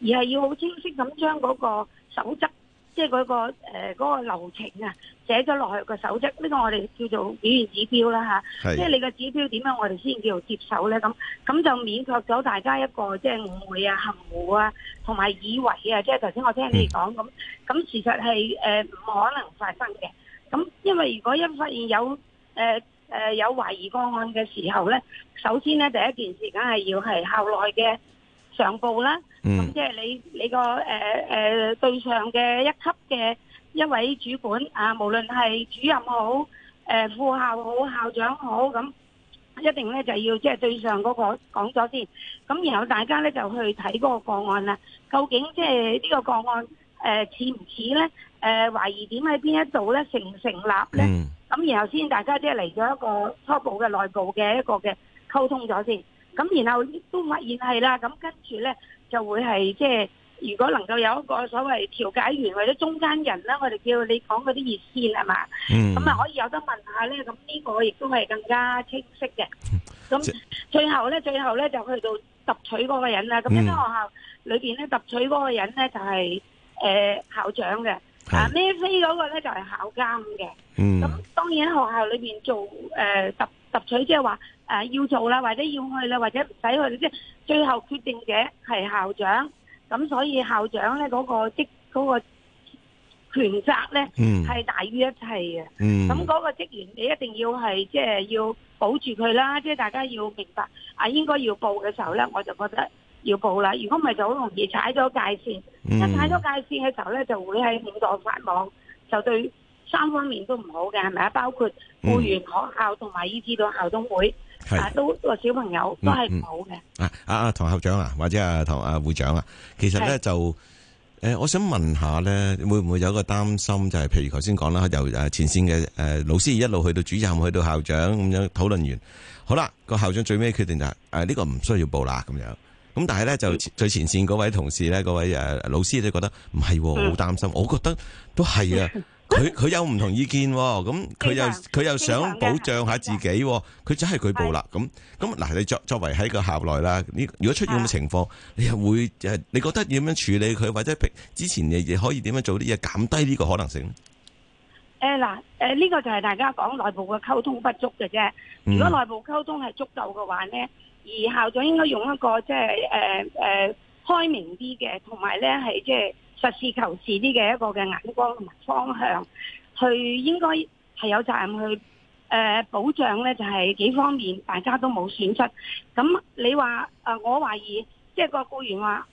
而係要好清晰咁將嗰個守則，即係嗰個誒、呃那個、流程啊寫咗落去個守則，呢、這個我哋叫做表現指標啦吓，即、啊、係、就是、你個指標點樣，我哋先叫做接受咧咁，咁就免卻咗大家一個即係、就是、誤會啊、含糊啊，同埋以為啊，即係頭先我聽你講咁，咁、嗯、其實係誒唔可能發生嘅，咁因為如果一發現有，誒、呃、誒、呃，有懷疑個案嘅時候咧，首先咧第一件事梗係要係校內嘅上報啦。咁、嗯、即係你你個誒誒、呃呃、對上嘅一級嘅一位主管啊、呃，無論係主任好，誒、呃、副校好，校長好，咁一定咧就要即係、就係、對上嗰、嗰個講咗先。咁然後大家咧就去睇嗰個個案啦，究竟即係呢個個案誒、呃、似唔似咧？誒、呃、懷疑點喺邊一度咧？成唔成立咧？嗯咁然後先大家即係嚟咗一個初步嘅內部嘅一個嘅溝通咗先，咁然後都發現係啦，咁跟住咧就會係即係如果能夠有一個所謂調解員或者中間人啦，我哋叫你講嗰啲熱線係嘛，咁啊、嗯、可以有得問下咧，咁呢個亦都係更加清晰嘅。咁最後咧，最後咧就去到揼取嗰個人啦。咁一間學校裏邊咧揼取嗰個人咧就係、是、誒、呃、校長嘅。啊，咩飛嗰個咧就係考監嘅，咁當然喺學校裏邊做誒，特特取即係話誒要做啦，或者要去啦，或者唔使去，即係最後決定嘅係校長，咁所以校長咧嗰個職嗰個權責咧係大於一切嘅，咁嗰個職員你一定要係即係要保住佢啦，即係大家要明白，啊應該要報嘅時候咧，我就覺得。要報啦，如果唔係就好容易踩咗界線。一踩咗界線嘅時候咧，就會誤墮法網，就對三方面都唔好嘅，係咪啊？包括僱員、學校同埋以至到校董會，啊都個小朋友都係唔好嘅。啊啊啊！唐校長啊，或者啊唐啊會長啊，其實咧就誒，我想問下咧，會唔會有一個擔心，就係譬如頭先講啦，由誒前線嘅誒老師一路去到主任，去到校長咁樣討論完，好啦，個校長最尾決定就係誒呢個唔需要報啦咁樣。咁但係咧就最前線嗰位同事咧，嗰、嗯、位誒老師你覺得唔係，好擔心、嗯。我覺得都係啊，佢、嗯、佢有唔同意見，咁佢又佢又想保障下自己，佢就係舉報啦。咁咁嗱，你作作為喺個校內啦，呢如果出現咁嘅情況，你又會誒？你覺得點樣處理佢，或者之前你亦可以點樣做啲嘢減低呢個可能性誒嗱，誒、啊、呢、啊呢個就係大家講內部嘅溝通不足嘅啫。如果內部溝通係足夠嘅話咧。而校長應該用一個即係誒誒開明啲嘅，同埋咧係即係實事求是啲嘅一個嘅眼光同埋方向，去應該係有責任去誒、呃、保障咧，就係、是、幾方面大家都冇損失。咁你話啊、呃，我懷疑即係、就是、個雇員話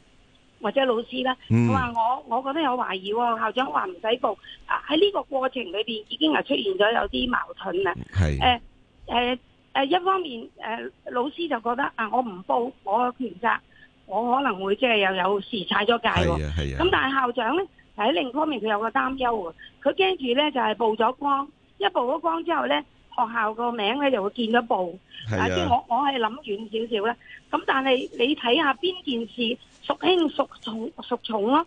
或者老師啦，佢話我我覺得有懷疑喎，校長話唔使報。喺呢個過程裏邊已經係出現咗有啲矛盾啦。係誒誒。呃呃誒，一方面誒，老師就覺得啊，我唔報，我嘅權責，我可能會即係又有事踩咗界喎。係啊係啊。咁但係校長咧，喺另一方面佢有個擔憂啊，佢驚住咧就係曝咗光，一曝咗光之後咧，學校個名咧就會見咗報。係啊。即係我我係諗遠少少咧。咁但係你睇下邊件事屬輕屬重屬重咯。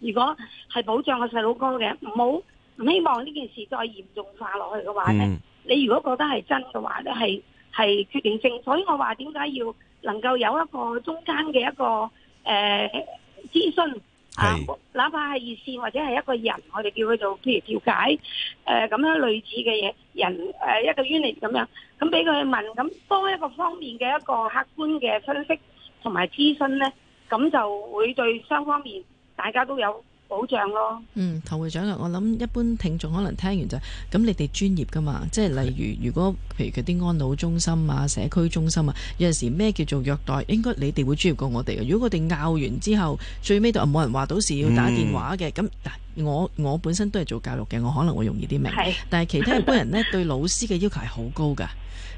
如果係保障個細佬哥嘅，唔好唔希望呢件事再嚴重化落去嘅話咧。你如果覺得係真嘅話咧，係係決定性，所以我話點解要能夠有一個中間嘅一個誒諮詢啊，哪怕係熱線或者係一個人，我哋叫佢做譬如調解誒咁、呃、樣類似嘅嘢人、呃、一個 unit 咁樣，咁俾佢問，咁多一個方面嘅一個客觀嘅分析同埋諮詢咧，咁就會對雙方面大家都有保障咯。嗯，唐會長啊，我諗一般聽眾可能聽完就，咁你哋專業噶嘛，即係例如如果譬如佢啲安老中心啊、社區中心啊，有陣時咩叫做虐待，應該你哋會專業過我哋啊。如果佢哋拗完之後，最尾就冇人話到時要打電話嘅，咁、嗯、嗱，我我本身都係做教育嘅，我可能會容易啲明。係，但係其他一般人呢， 對老師嘅要求係好高噶。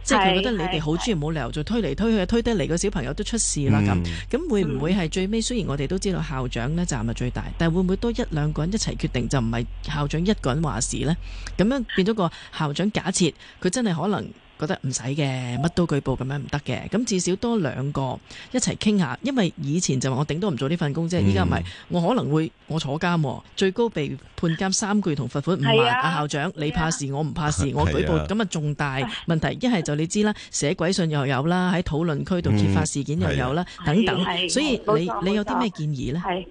即係佢覺得你哋好自然冇理由再推嚟推去，推得嚟個小朋友都出事啦咁，咁、嗯、會唔會係最尾？雖然我哋都知道校長呢責任最大，但係會唔會多一兩個人一齊決定，就唔係校長一個人話事呢？咁樣變咗個校長假設，假設佢真係可能。覺得唔使嘅，乜都舉報咁樣唔得嘅，咁至少多兩個一齊傾下，因為以前就話我頂多唔做呢份工啫，依家唔係我可能會我坐監，最高被判監三句同罰款五萬，阿校長你怕事，我唔怕事，我舉報咁啊重大問題，一係就你知啦，寫鬼信又有啦，喺討論區度揭發事件又有啦，等等，所以你你有啲咩建議呢？係，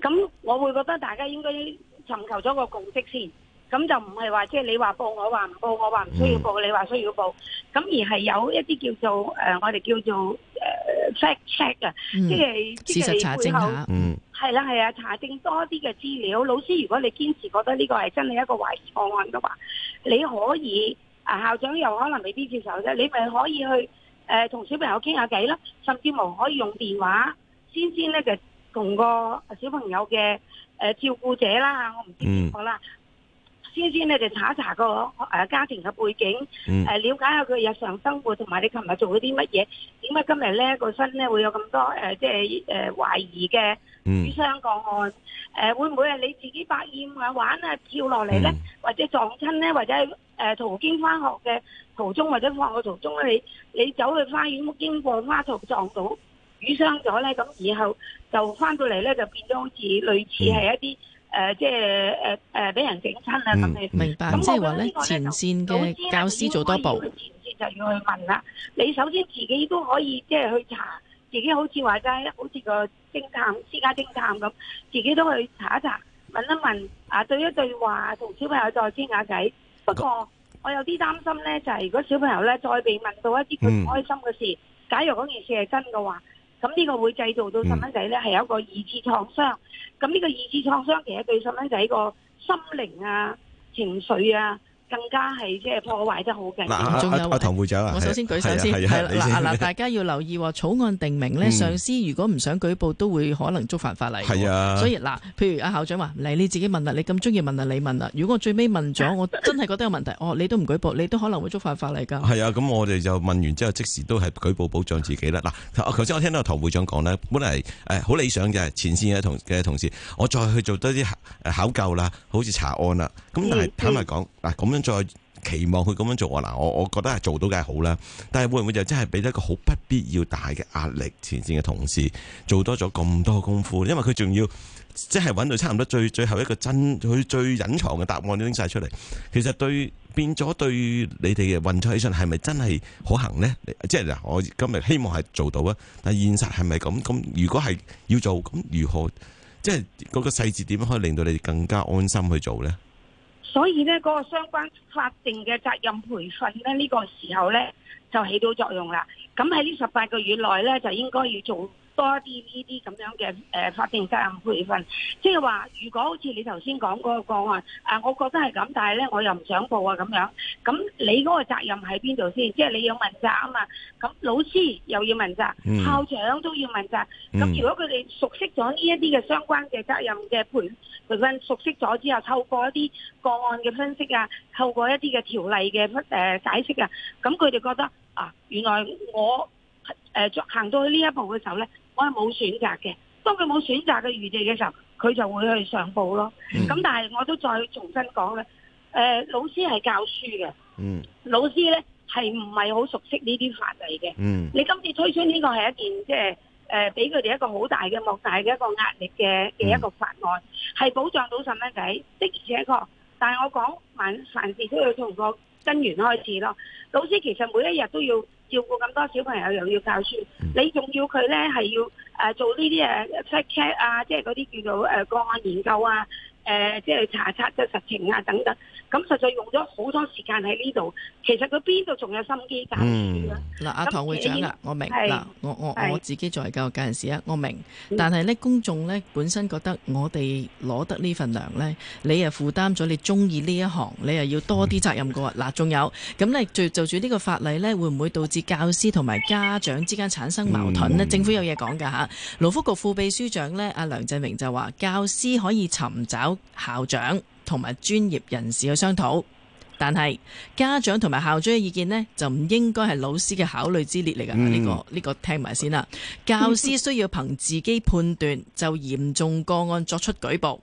咁我會覺得大家應該尋求咗個共識先。咁就唔係話，即係你話報，我話唔報，我話唔需要報，你話需要報，咁而係有一啲叫做誒我哋叫做誒 fact check 嘅，即係即係背後係啦係啊查證多啲嘅資料。老師，如果你堅持覺得呢個係真係一個懷疑個案嘅話，你可以啊，校長又可能未必接受啫。你咪可以去誒同小朋友傾下偈咯，甚至乎可以用電話先先咧，就同個小朋友嘅誒照顧者啦吓，我唔知邊個啦。先先，你就查一查個誒家庭嘅背景，誒、嗯、了解下佢日常生活同埋你琴日做咗啲乜嘢，點解今日咧個身咧會有咁多誒即係誒懷疑嘅瘀傷個案？誒、呃、會唔會係你自己百厭啊玩啊跳落嚟咧，或者撞親咧，或者誒途經翻學嘅途中或者放學途中你你走去花園經過花途撞到瘀傷咗咧，咁以後就翻到嚟咧就變咗好似類似係一啲。誒即係誒誒俾人整親啊！咁、嗯、你、嗯嗯、明白，即係話咧前線嘅教師做多步。前線就要去問啦。你首先自己都可以即係去查，自己好似話齋，好似個偵探、私家偵探咁，自己都去查一查，問一問啊，對一對話，同小朋友再傾下偈。不過我有啲擔心咧，就係、是、如果小朋友咧再被問到一啲佢唔開心嘅事、嗯，假如嗰件事係真嘅話。咁呢個會製造到細蚊仔咧，係有一個二次創傷。咁呢個二次創傷，其實對細蚊仔個心靈啊、情緒啊。更加係即係破壞得好勁。嗱，阿阿唐會長，我首先舉手先。係啊，嗱嗱，大家要留意喎。草案定名咧，上司如果唔想舉報，都會可能觸犯法例。係啊。所以嗱，譬如阿校長話，嚟你自己問啦，你咁中意問啦，你問啦。如果我最尾問咗，我真係覺得有問題，哦你都唔舉報，你都可能會觸犯法例㗎。係啊，咁我哋就問完之後，即時都係舉報保障自己啦。嗱，頭先我聽到阿唐會長講咧，本嚟誒好理想嘅前線嘅同嘅同事，我再去做多啲誒考究啦，好似查案啦。咁但係坦白講，嗱咁。咁再期望佢咁樣做，我嗱，我我覺得係做到梗係好啦，但係會唔會就真係俾咗一個好不必要大嘅壓力，前線嘅同事做多咗咁多功夫，因為佢仲要即係揾到差唔多最最後一個真佢最隱藏嘅答案都拎晒出嚟，其實對變咗對你哋嘅運作起上係咪真係可行呢？即係我今日希望係做到啊，但係現實係咪咁？咁如果係要做咁如何？即係嗰個細節點可以令到你哋更加安心去做呢？所以呢，嗰個相關法定嘅責任培訓呢，呢個時候呢，就起到作用啦。咁喺呢十八個月內呢，就應該要做。多一啲呢啲咁樣嘅誒、呃、法定責任培訓，即係話如果好似你頭先講嗰個個案、啊，我覺得係咁，但係咧我又唔想報啊咁樣，咁你嗰個責任喺邊度先？即係你要問責啊嘛，咁老師又要問責，校長都要問責，咁如果佢哋熟悉咗呢一啲嘅相關嘅責任嘅培培訓，熟悉咗之後，透過一啲個案嘅分析啊，透過一啲嘅條例嘅誒解釋啊，咁佢哋覺得啊，原來我。誒行到去呢一步嘅時候呢，我係冇選擇嘅。當佢冇選擇嘅餘地嘅時候，佢就會去上報咯。咁、嗯、但係我都再重新講呢：誒、呃、老師係教書嘅、嗯，老師呢係唔係好熟悉呢啲法例嘅、嗯？你今次推出呢個係一件即係誒俾佢哋一個好大嘅莫大嘅一個壓力嘅嘅一個法案，係、嗯、保障到細蚊仔的而且確。但係我講凡凡事都要同個根源開始咯，老師其實每一日都要照顧咁多小朋友，又要教書，你仲要佢咧係要誒、呃、做呢啲誒 check check 啊，即係嗰啲叫做誒個案研究啊，誒、呃、即係查測嘅實情啊等等。咁實際用咗好多時間喺呢度，其實佢邊度仲有心機教書嗱、嗯啊，阿唐會長啦，我明我我我自己作為教育界人士啊，我明。但係呢，公眾呢本身覺得我哋攞得呢份糧呢，你又負擔咗你中意呢一行，你又要多啲責任噶嗱，仲、嗯、有咁呢就就住呢個法例呢，會唔會導致教師同埋家長之間產生矛盾呢？嗯、政府有嘢講㗎嚇。勞福局副秘書長呢，阿梁振明就話：教師可以尋找校長，同埋專業人士去商討，但係家長同埋校長嘅意見呢，就唔應該係老師嘅考慮之列嚟㗎。呢個呢個聽埋先啦。教師需要憑自己判斷，就嚴重個案作出舉報。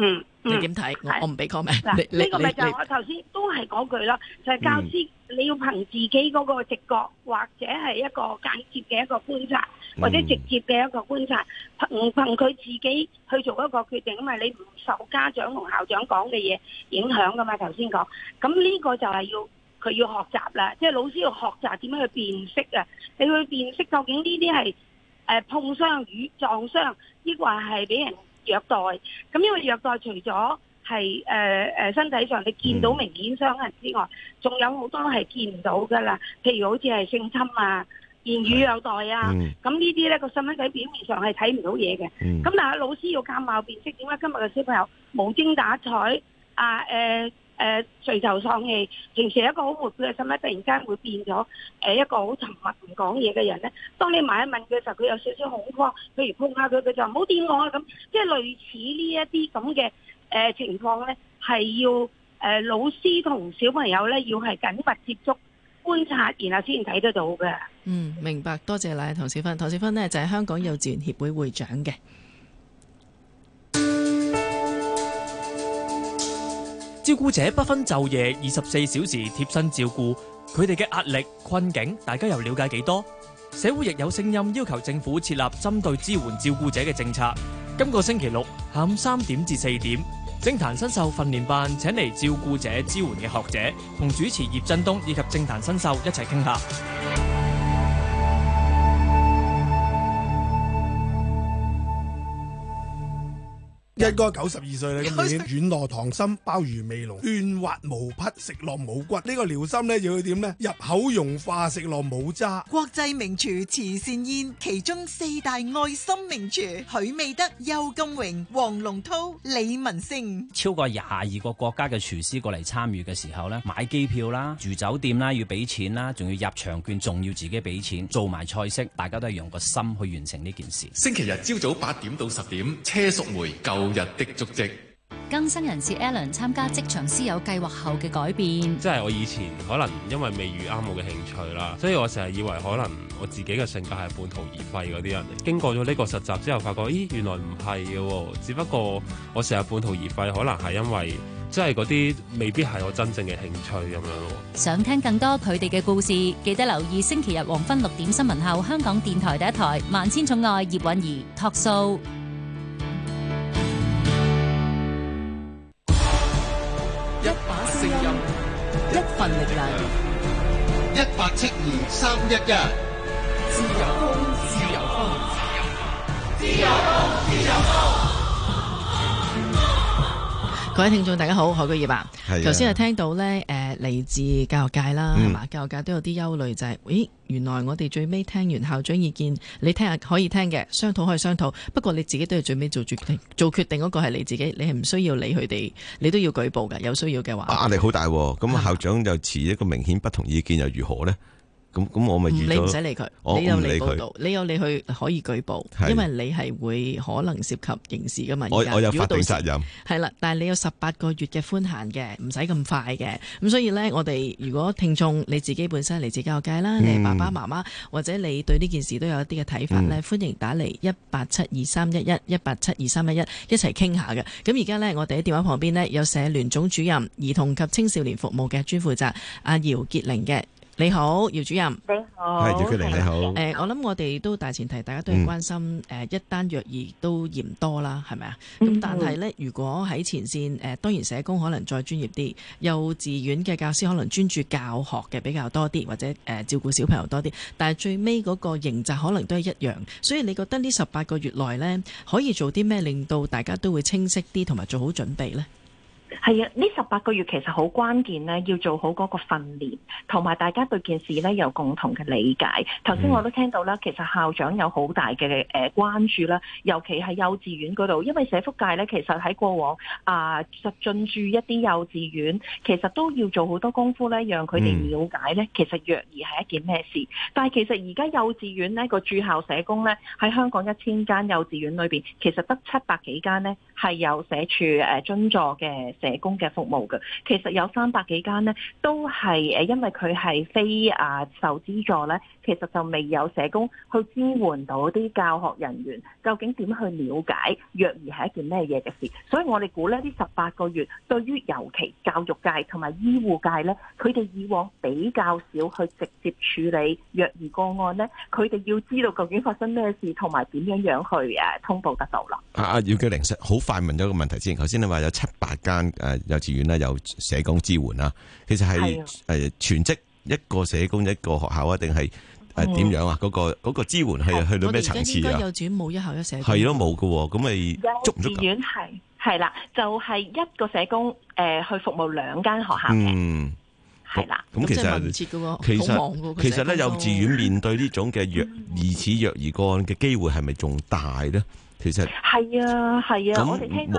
嗯、嗯，你點睇？我唔俾 comment。呢個咪就我頭先都係講句咯，就係、是、教師你要憑自己嗰個直覺，嗯、或者係一個間接嘅一個觀察，嗯、或者直接嘅一個觀察，憑憑佢自己去做一個決定啊嘛。因為你唔受家長同校長講嘅嘢影響噶嘛？頭先講，咁呢個就係要佢要學習啦，即係老師要學習點樣去辨識啊。你去辨識究竟呢啲係誒碰傷、與撞傷，抑或係俾人？虐待，咁因為虐待除咗係、呃、身體上你見到明顯傷痕之外，仲、嗯、有好多係見唔到噶啦，譬如好似係性侵啊、言語虐待啊，咁、嗯、呢啲咧，個細蚊仔表面上係睇唔到嘢嘅，咁、嗯、但係老師要鑑貌辨識，點解今日嘅小朋友冇精打采啊？呃誒垂頭喪氣，平時一個好活潑嘅細蚊，突然間會變咗誒一個好沉默唔講嘢嘅人咧。當你問一問嘅時候，佢有少少恐慌。譬如碰下佢，佢就唔好掂我啦、啊、咁。即係類似呢一啲咁嘅誒情況咧，係要誒、呃、老師同小朋友咧要係緊密接觸觀察，然後先睇得到嘅。嗯，明白。多謝喇，唐少勳，唐少勳呢，就係、是、香港幼稚園協會會長嘅。照顧者不分晝夜，二十四小時貼身照顧，佢哋嘅壓力、困境，大家又了解幾多？社會亦有聲音要求政府設立針對支援照顧者嘅政策。今個星期六下午三點至四點，政壇新秀訓練班請嚟照顧者支援嘅學者同主持葉振東以及政壇新秀一齊傾下。一哥九十二歲啦，今年軟糯糖心鮑魚味濃，嫩滑無匹，食落無骨，食落冇骨。呢個遼參咧要點呢？入口融化，食落冇渣。國際名廚慈善宴，其中四大愛心名廚許美德、邱金榮、黃龍濤、李文勝，超過廿二個國家嘅廚師過嚟參與嘅時候咧，買機票啦，住酒店啦，要俾錢啦，仲要入場券，仲要自己俾錢做埋菜式，大家都係用個心去完成呢件事。星期日朝早八點到十點，車淑梅舊。日的足跡，更新人士 Alan 參加職場師友計劃後嘅改變，即係我以前可能因為未遇啱我嘅興趣啦，所以我成日以為可能我自己嘅性格係半途而廢嗰啲人。經過咗呢個實習之後，發覺咦原來唔係嘅，只不過我成日半途而廢，可能係因為即係嗰啲未必係我真正嘅興趣咁樣。想聽更多佢哋嘅故事，記得留意星期日黃昏六點新聞後，香港電台第一台《萬千寵愛》，葉允儀託數。份力量，一八七二三一一，自由風，自由風，自由風，自由風。各位聽眾，大家好，何居業啊，頭先係聽到咧，誒嚟自教育界啦，係、嗯、嘛？教育界都有啲憂慮，就係、是，咦，原來我哋最尾聽完校長意見，你聽下可以聽嘅，商討可以商討，不過你自己都要最尾做決定，做決定嗰個係你自己，你係唔需要理佢哋，你都要舉報嘅，有需要嘅話。壓力好大喎，咁校長就持一個明顯不同意見又如何呢？咁我咪你唔使理佢，你有唔理佢，你有理你去可以舉報，因為你係會可能涉及刑事嘅嘛。我有法定責任係啦，但係你有十八個月嘅寬限嘅，唔使咁快嘅。咁所以呢，我哋如果聽眾你自己本身嚟自教育界啦、嗯，你爸爸媽媽或者你對呢件事都有一啲嘅睇法呢、嗯，歡迎打嚟一八七二三一一一八七二三一一一齊傾下嘅。咁而家呢，我哋喺電話旁邊呢，有社聯總主任、兒童及青少年服務嘅專負責阿姚潔玲嘅。你好，姚主任。你好，係姚潔玲，你好。誒、呃，我諗我哋都大前提，大家都係關心誒、嗯呃，一單虐兒都嫌多啦，係咪啊？咁但係咧，如果喺前線誒、呃，當然社工可能再專業啲，幼稚園嘅教師可能專注教學嘅比較多啲，或者誒、呃、照顧小朋友多啲。但係最尾嗰個刑責可能都係一樣。所以你覺得呢十八個月內咧，可以做啲咩令到大家都會清晰啲，同埋做好準備咧？係啊，呢十八個月其實好關鍵咧，要做好嗰個訓練，同埋大家對件事咧有共同嘅理解。頭先我都聽到啦、嗯，其實校長有好大嘅誒、呃、關注啦，尤其係幼稚園嗰度，因為社福界咧，其實喺過往啊、呃，實進駐一啲幼稚園，其實都要做好多功夫咧，讓佢哋了解咧，其實虐兒係一件咩事。但係其實而家幼稚園咧、個駐校社工咧，喺香港一千間幼稚園裏邊，其實得七百幾間咧係有社署誒津助嘅。呃社工嘅服務嘅，其實有三百幾間咧，都係誒，因為佢係非啊受資助咧。其實就未有社工去支援到啲教學人員，究竟點去了解虐兒係一件咩嘢嘅事？所以我哋估咧，呢十八個月對於尤其教育界同埋醫護界咧，佢哋以往比較少去直接處理虐兒個案咧，佢哋要知道究竟發生咩事，同埋點樣樣去誒通報得到啦。阿阿姚潔玲，好快問咗個問題先。頭先你話有七八間誒幼稚園啦，有社工支援啦，其實係誒全職一個社工一個學校啊，定係？係點樣啊？嗰個嗰個支援係去到咩層次啊？幼稚園冇一校一社，係咯冇噶，咁咪？幼稚園係係啦，就係一個社工誒去服務兩間學校嘅。係啦，咁其實好忙噶。其實咧，幼稚園面對呢種嘅虐，疑似虐兒個案嘅機會係咪仲大咧？其實係啊係啊，我哋聽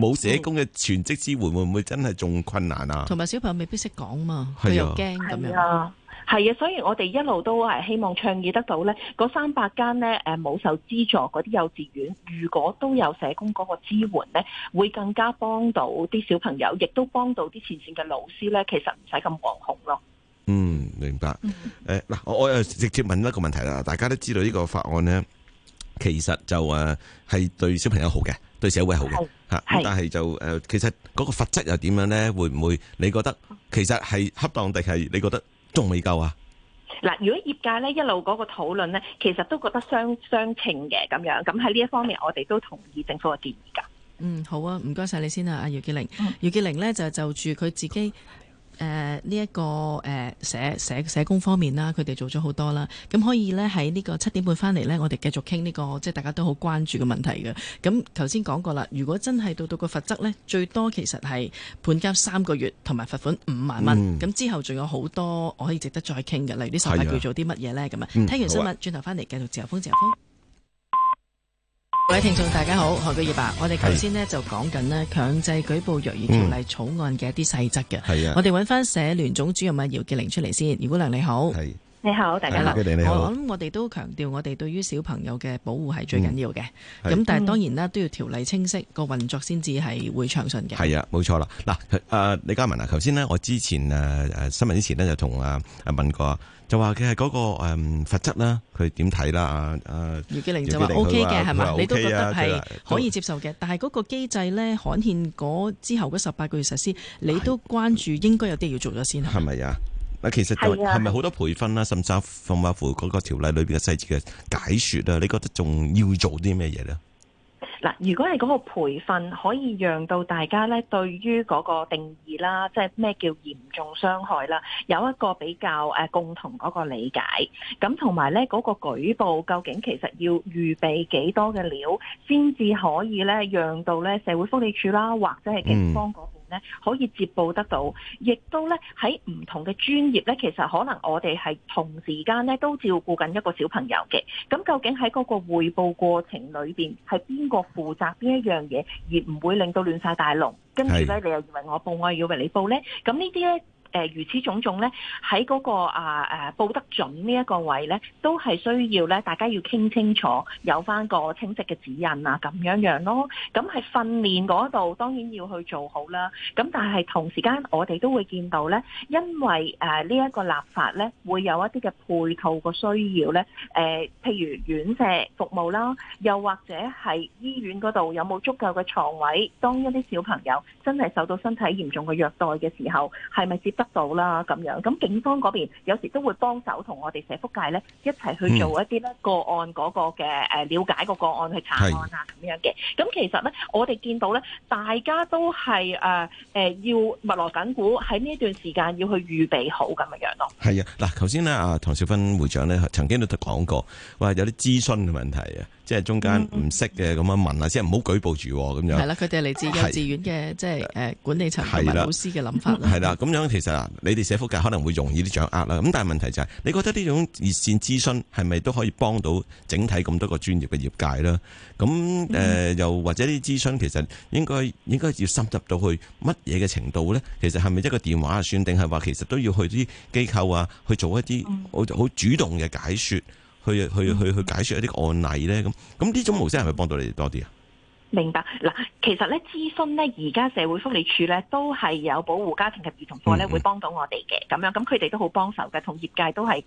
冇社工嘅全職支援，會唔會真係仲困難啊？同埋小朋友未必識講嘛，佢又驚咁樣。係啊，所以我哋一路都係希望倡議得到咧，嗰三百間咧誒冇受資助嗰啲幼稚園，如果都有社工嗰個支援咧，會更加幫到啲小朋友，亦都幫到啲前線嘅老師咧。其實唔使咁惶恐咯。嗯，明白。誒，嗱，我我又直接問一個問題啦。大家都知道呢個法案咧，其實就誒係對小朋友好嘅，對社會好嘅吓。係但係就誒，其實嗰個罰則又點樣咧？會唔會你覺得其實係恰當定係你覺得？仲未夠啊？嗱，如果業界咧一路嗰個討論咧，其實都覺得相相稱嘅咁樣。咁喺呢一方面，我哋都同意政府嘅建議噶。嗯，好啊，唔該晒你先啊，阿姚潔玲。嗯。姚潔玲咧，就就住佢自己。誒呢一個誒社社社工方面啦，佢哋做咗好多啦，咁可以咧喺呢個七點半翻嚟咧，我哋繼續傾呢個即係大家都好關注嘅問題嘅。咁頭先講過啦，如果真係到到個罰則咧，最多其實係判監三個月同埋罰款五萬蚊。咁、嗯、之後仲有好多我可以值得再傾嘅，例如啲手法叫做啲乜嘢咧咁啊。聽完新聞轉頭翻嚟繼續自由風自由風。各位聽眾大家好，何潔葉白。我哋頭先呢就講緊呢強制舉報虐兒條例草案嘅一啲細則嘅，係、嗯、啊，我哋搵翻社聯總主任阿姚潔玲出嚟先。姚姑娘你好，係你好，大家好、啊，你好，我諗我哋都強調我哋對於小朋友嘅保護係最緊要嘅，咁、嗯、但係當然啦，都要條例清晰，個、嗯、運作先至係會暢順嘅，係啊，冇錯啦，嗱、呃，誒李嘉文啊，頭先呢，我之前誒誒、呃、新聞之前呢，就同啊問過。呃問過就話佢係嗰個誒罰則啦，佢點睇啦？啊，姚潔玲就話 O K 嘅係嘛，你都覺得係可、啊、就可以接受嘅。但係嗰個機制咧，刊憲嗰之後嗰十八個月實施，你都關注應該有啲嘢要做咗先啊？係咪啊？其實係咪好多培訓啦、啊，甚至乎乎嗰個條例裏邊嘅細節嘅解說啊？你覺得仲要做啲咩嘢咧？嗱，如果係嗰個培訓，可以讓到大家咧，對於嗰個定義啦，即係咩叫嚴重傷害啦，有一個比較誒共同嗰個理解，咁同埋咧嗰個舉報，究竟其實要預備幾多嘅料，先至可以咧，讓到咧社會福利署啦，或者係警方嗰、那個。嗯咧可以接報得到，亦都咧喺唔同嘅專業咧，其實可能我哋係同時間咧都照顧緊一個小朋友嘅。咁究竟喺嗰個匯報過程裏邊，係邊個負責邊一樣嘢，而唔會令到亂晒大龍？跟住咧，你又以為我報，我以為你報咧？咁呢啲咧？誒如此種種咧，喺嗰個啊誒報得準呢一個位咧，都係需要咧，大家要傾清楚，有返個清晰嘅指引啊，咁樣樣咯。咁喺訓練嗰度當然要去做好啦。咁但係同時間我哋都會見到咧，因為誒呢一個立法咧，會有一啲嘅配套嘅需要咧。誒、呃、譬如院舍服務啦，又或者係醫院嗰度有冇足夠嘅床位，當一啲小朋友真係受到身體嚴重嘅虐待嘅時候，係咪接得到啦咁樣，咁警方嗰邊有時都會幫手同我哋社福界咧一齊去做一啲咧個案嗰個嘅誒瞭解個個案去查案啊、嗯、咁樣嘅。咁其實咧，我哋見到咧，大家都係誒誒要密鑼緊鼓喺呢一段時間要去預備好咁樣咯。係啊，嗱，頭先咧啊，唐少勳會長咧曾經都講過話有啲諮詢嘅問題啊。即係中間唔識嘅咁樣問啊，mm -hmm. 即係唔好舉報住咁樣。係啦，佢哋係嚟自幼稚園嘅即係管理層同埋老師嘅諗法啦。係啦，咁、嗯、樣其實你哋社福界可能會容易啲掌握啦。咁但係問題就係、是，你覺得呢種熱線諮詢係咪都可以幫到整體咁多個專業嘅業界啦？咁誒又或者啲諮詢其實應該應該要深入到去乜嘢嘅程度咧？其實係咪一個電話算定係話其實都要去啲機構啊去做一啲好好主動嘅解説？去去去去解說一啲案例咧，咁咁呢種模式係咪幫到你哋多啲啊？明白嗱，其實咧諮詢咧，而家社會福利署咧都係有保護家庭嘅兒童課咧，會幫到我哋嘅咁樣，咁佢哋都好幫手嘅，同業界都係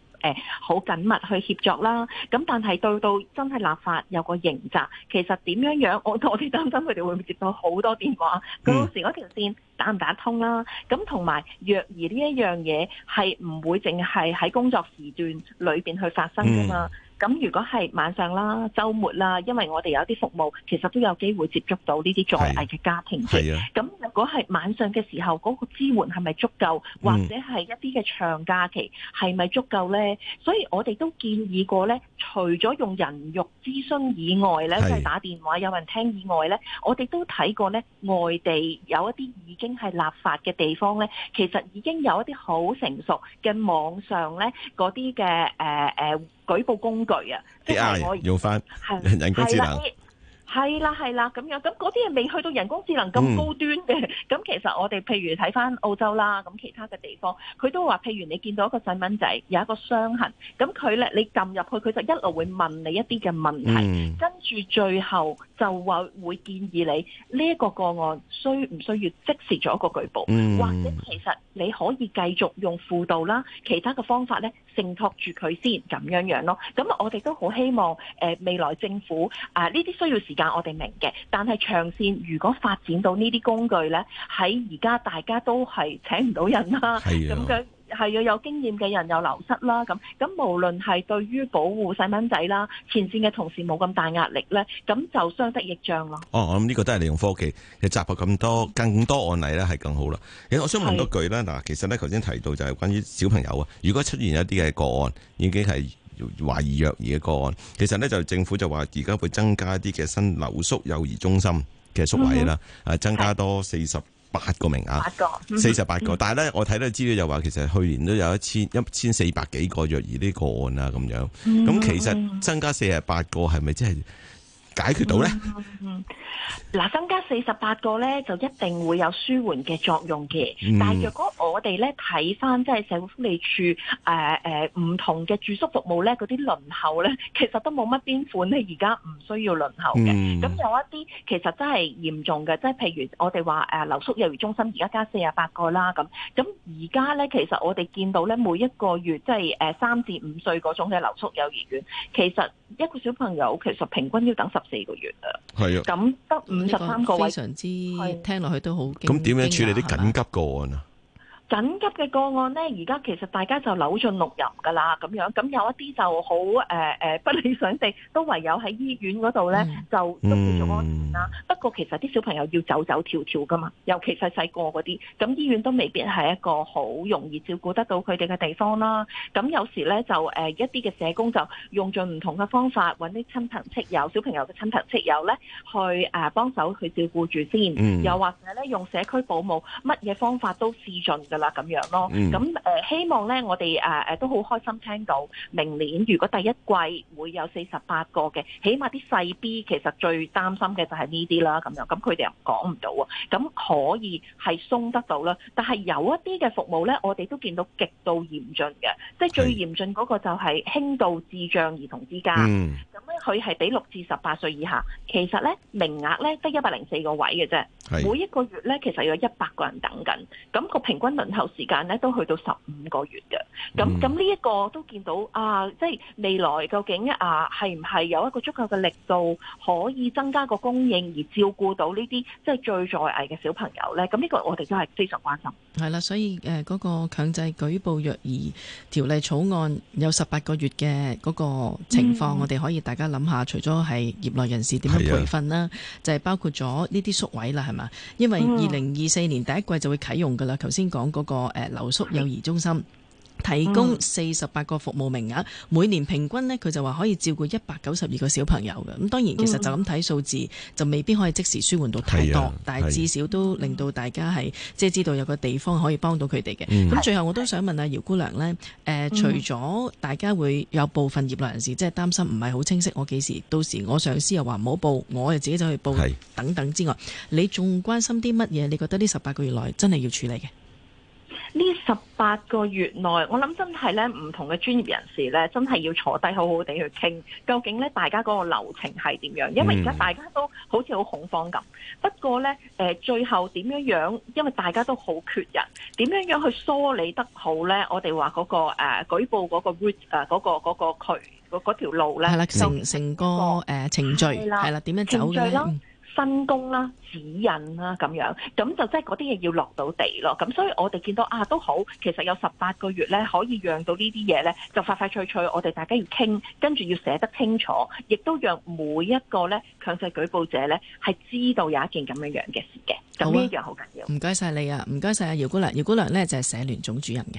好、呃、緊密去協作啦。咁但係到到真係立法有個刑責，其實點樣樣，我我哋擔心佢哋會唔會接到好多電話，到、嗯、時嗰條線打唔打通啦、啊？咁同埋若然呢一樣嘢係唔會淨係喺工作時段裏面去發生噶嘛？嗯咁如果係晚上啦、週末啦，因為我哋有啲服務，其實都有機會接觸到呢啲在危嘅家庭係啊，咁如果係晚上嘅時候，嗰、那個支援係咪足夠，或者係一啲嘅長假期係咪足夠咧、嗯？所以我哋都建議過咧，除咗用人肉諮詢以外咧，即係、就是、打電話有人聽以外咧，我哋都睇過咧，外地有一啲已經係立法嘅地方咧，其實已經有一啲好成熟嘅網上咧嗰啲嘅誒舉報工具啊，即係我用翻係人工智能。係啦，係啦，咁樣咁嗰啲嘢未去到人工智能咁高端嘅，咁、mm. 其實我哋譬如睇翻澳洲啦，咁其他嘅地方，佢都話，譬如你見到一個細蚊仔有一個傷痕，咁佢咧你撳入去，佢就一路會問你一啲嘅問題，跟住、mm. 最後就話會建議你呢一個個案需唔需要即時做一個舉報，mm. 或者其實你可以繼續用輔導啦，其他嘅方法咧承託住佢先咁樣樣咯。咁我哋都好希望、呃、未來政府啊呢啲需要時。我哋明嘅，但係長線如果發展到呢啲工具咧，喺而家大家都係請唔到人啦，咁樣係要有經驗嘅人又流失啦，咁咁無論係對於保護細蚊仔啦，前線嘅同事冇咁大壓力咧，咁就相得益彰咯。哦，我諗呢個都係利用科技，其實集合咁多更多案例咧，係更好啦。其實我想問多句啦，嗱，其實咧頭先提到就係關於小朋友啊，如果出現一啲嘅個案，已經係。懷疑虐兒嘅個案，其實呢就政府就話而家會增加一啲嘅新留宿幼兒中心嘅宿位啦，啊增加多四十八個名額，四十八個，但係呢我睇到資料就話，其實去年都有一千一千四百幾個虐兒啲個案啊，咁樣，咁其實增加四十八個係咪即係？解決到咧，嗱增加四十八個咧，就一定會有舒緩嘅作用嘅、嗯。但係若果我哋咧睇翻即係社會福利署誒誒唔同嘅住宿服務咧，嗰啲輪候咧，其實都冇乜邊款咧，而家唔需要輪候嘅。咁、嗯、有一啲其實真係嚴重嘅，即係譬如我哋話誒留宿幼兒中心而家加四十八個啦咁。咁而家咧，其實我哋見到咧，每一個月即係誒三至五歲嗰種嘅留宿幼兒園，其實一個小朋友其實平均要等十四個月啦，係啊，咁得五十三個位非常之聽落去都好驚。咁點樣處理啲緊急個案啊？緊急嘅個案呢，而家其實大家就扭盡六壬㗎啦，咁樣咁有一啲就好誒誒不理想地都唯有喺醫院嗰度呢，就都叫做安全啦。不過其實啲小朋友要走走跳跳㗎嘛，尤其細細個嗰啲，咁醫院都未必係一個好容易照顧得到佢哋嘅地方啦。咁有時呢，就、呃、一啲嘅社工就用盡唔同嘅方法揾啲親朋戚友，小朋友嘅親朋戚友呢，去誒、呃、幫手去照顧住先、嗯，又或者呢，用社區保姆，乜嘢方法都試盡嘅。啦咁樣咯，咁誒、呃、希望咧，我哋誒誒都好開心聽到，明年如果第一季會有四十八個嘅，起碼啲細 B 其實最擔心嘅就係呢啲啦，咁樣，咁佢哋又講唔到啊，咁可以係鬆得到啦，但係有一啲嘅服務咧，我哋都見到極度嚴峻嘅，即係最嚴峻嗰個就係輕度智障兒童之家。嗯佢係俾六至十八歲以下，其實咧名額咧得一百零四個位嘅啫。每一個月咧，其實有一百個人等緊，咁個平均輪候時間咧都去到十五個月嘅。咁咁呢一個都見到啊，即係未來究竟啊係唔係有一個足夠嘅力度可以增加個供應，而照顧到呢啲即係最在危嘅小朋友咧？咁、這、呢個我哋都係非常關心。係啦，所以誒嗰個強制舉報虐兒條例草案有十八個月嘅嗰個情況，嗯、我哋可以大。而家諗下，除咗係業內人士點樣培訓啦，啊、就係包括咗呢啲宿位啦，係嘛？因為二零二四年第一季就會啟用噶啦。頭先講嗰個誒留宿幼兒中心。提供四十八個服務名額，嗯，每年平均呢，佢就話可以照顧一百九十二個小朋友嘅。咁當然其實就咁睇數字，嗯、就未必可以即時舒緩到太多，啊、但係至少都令到大家係即係知道有個地方可以幫到佢哋嘅。咁、嗯、最後我都想問下姚姑娘呢、嗯呃，除咗大家會有部分業內人士即係、即係、擔心唔係好清晰我，我幾時到時我上司又話唔好報，我又自己走去報等等之外，你仲關心啲乜嘢？你覺得呢十八個月內真係要處理嘅？呢十八個月內，我諗真係咧唔同嘅專業人士咧，真係要坐低好好地去傾，究竟咧大家嗰個流程係點樣？因為而家大家都好似好恐慌咁。不過咧、呃，最後點樣樣？因為大家都好缺人，點樣樣去梳理得好咧？我哋話嗰個誒、呃、舉報嗰個 route 嗰、呃嗰個嗰、嗰個、渠嗰嗰條路呢，成成個、呃、程序係啦，點樣走嘅？分工啦、指引啦、啊、咁樣，咁就即係嗰啲嘢要落到地咯。咁所以我哋見到啊都好，其實有十八個月咧可以讓到呢啲嘢咧，就快快脆脆。我哋大家要傾，跟住要寫得清楚，亦都讓每一個咧強制舉報者咧係知道有一件咁樣件、啊、樣嘅事嘅。咁呢一樣好緊要。唔該曬你啊，唔該曬啊姚姑娘。姚姑娘咧就係社聯總主任嘅。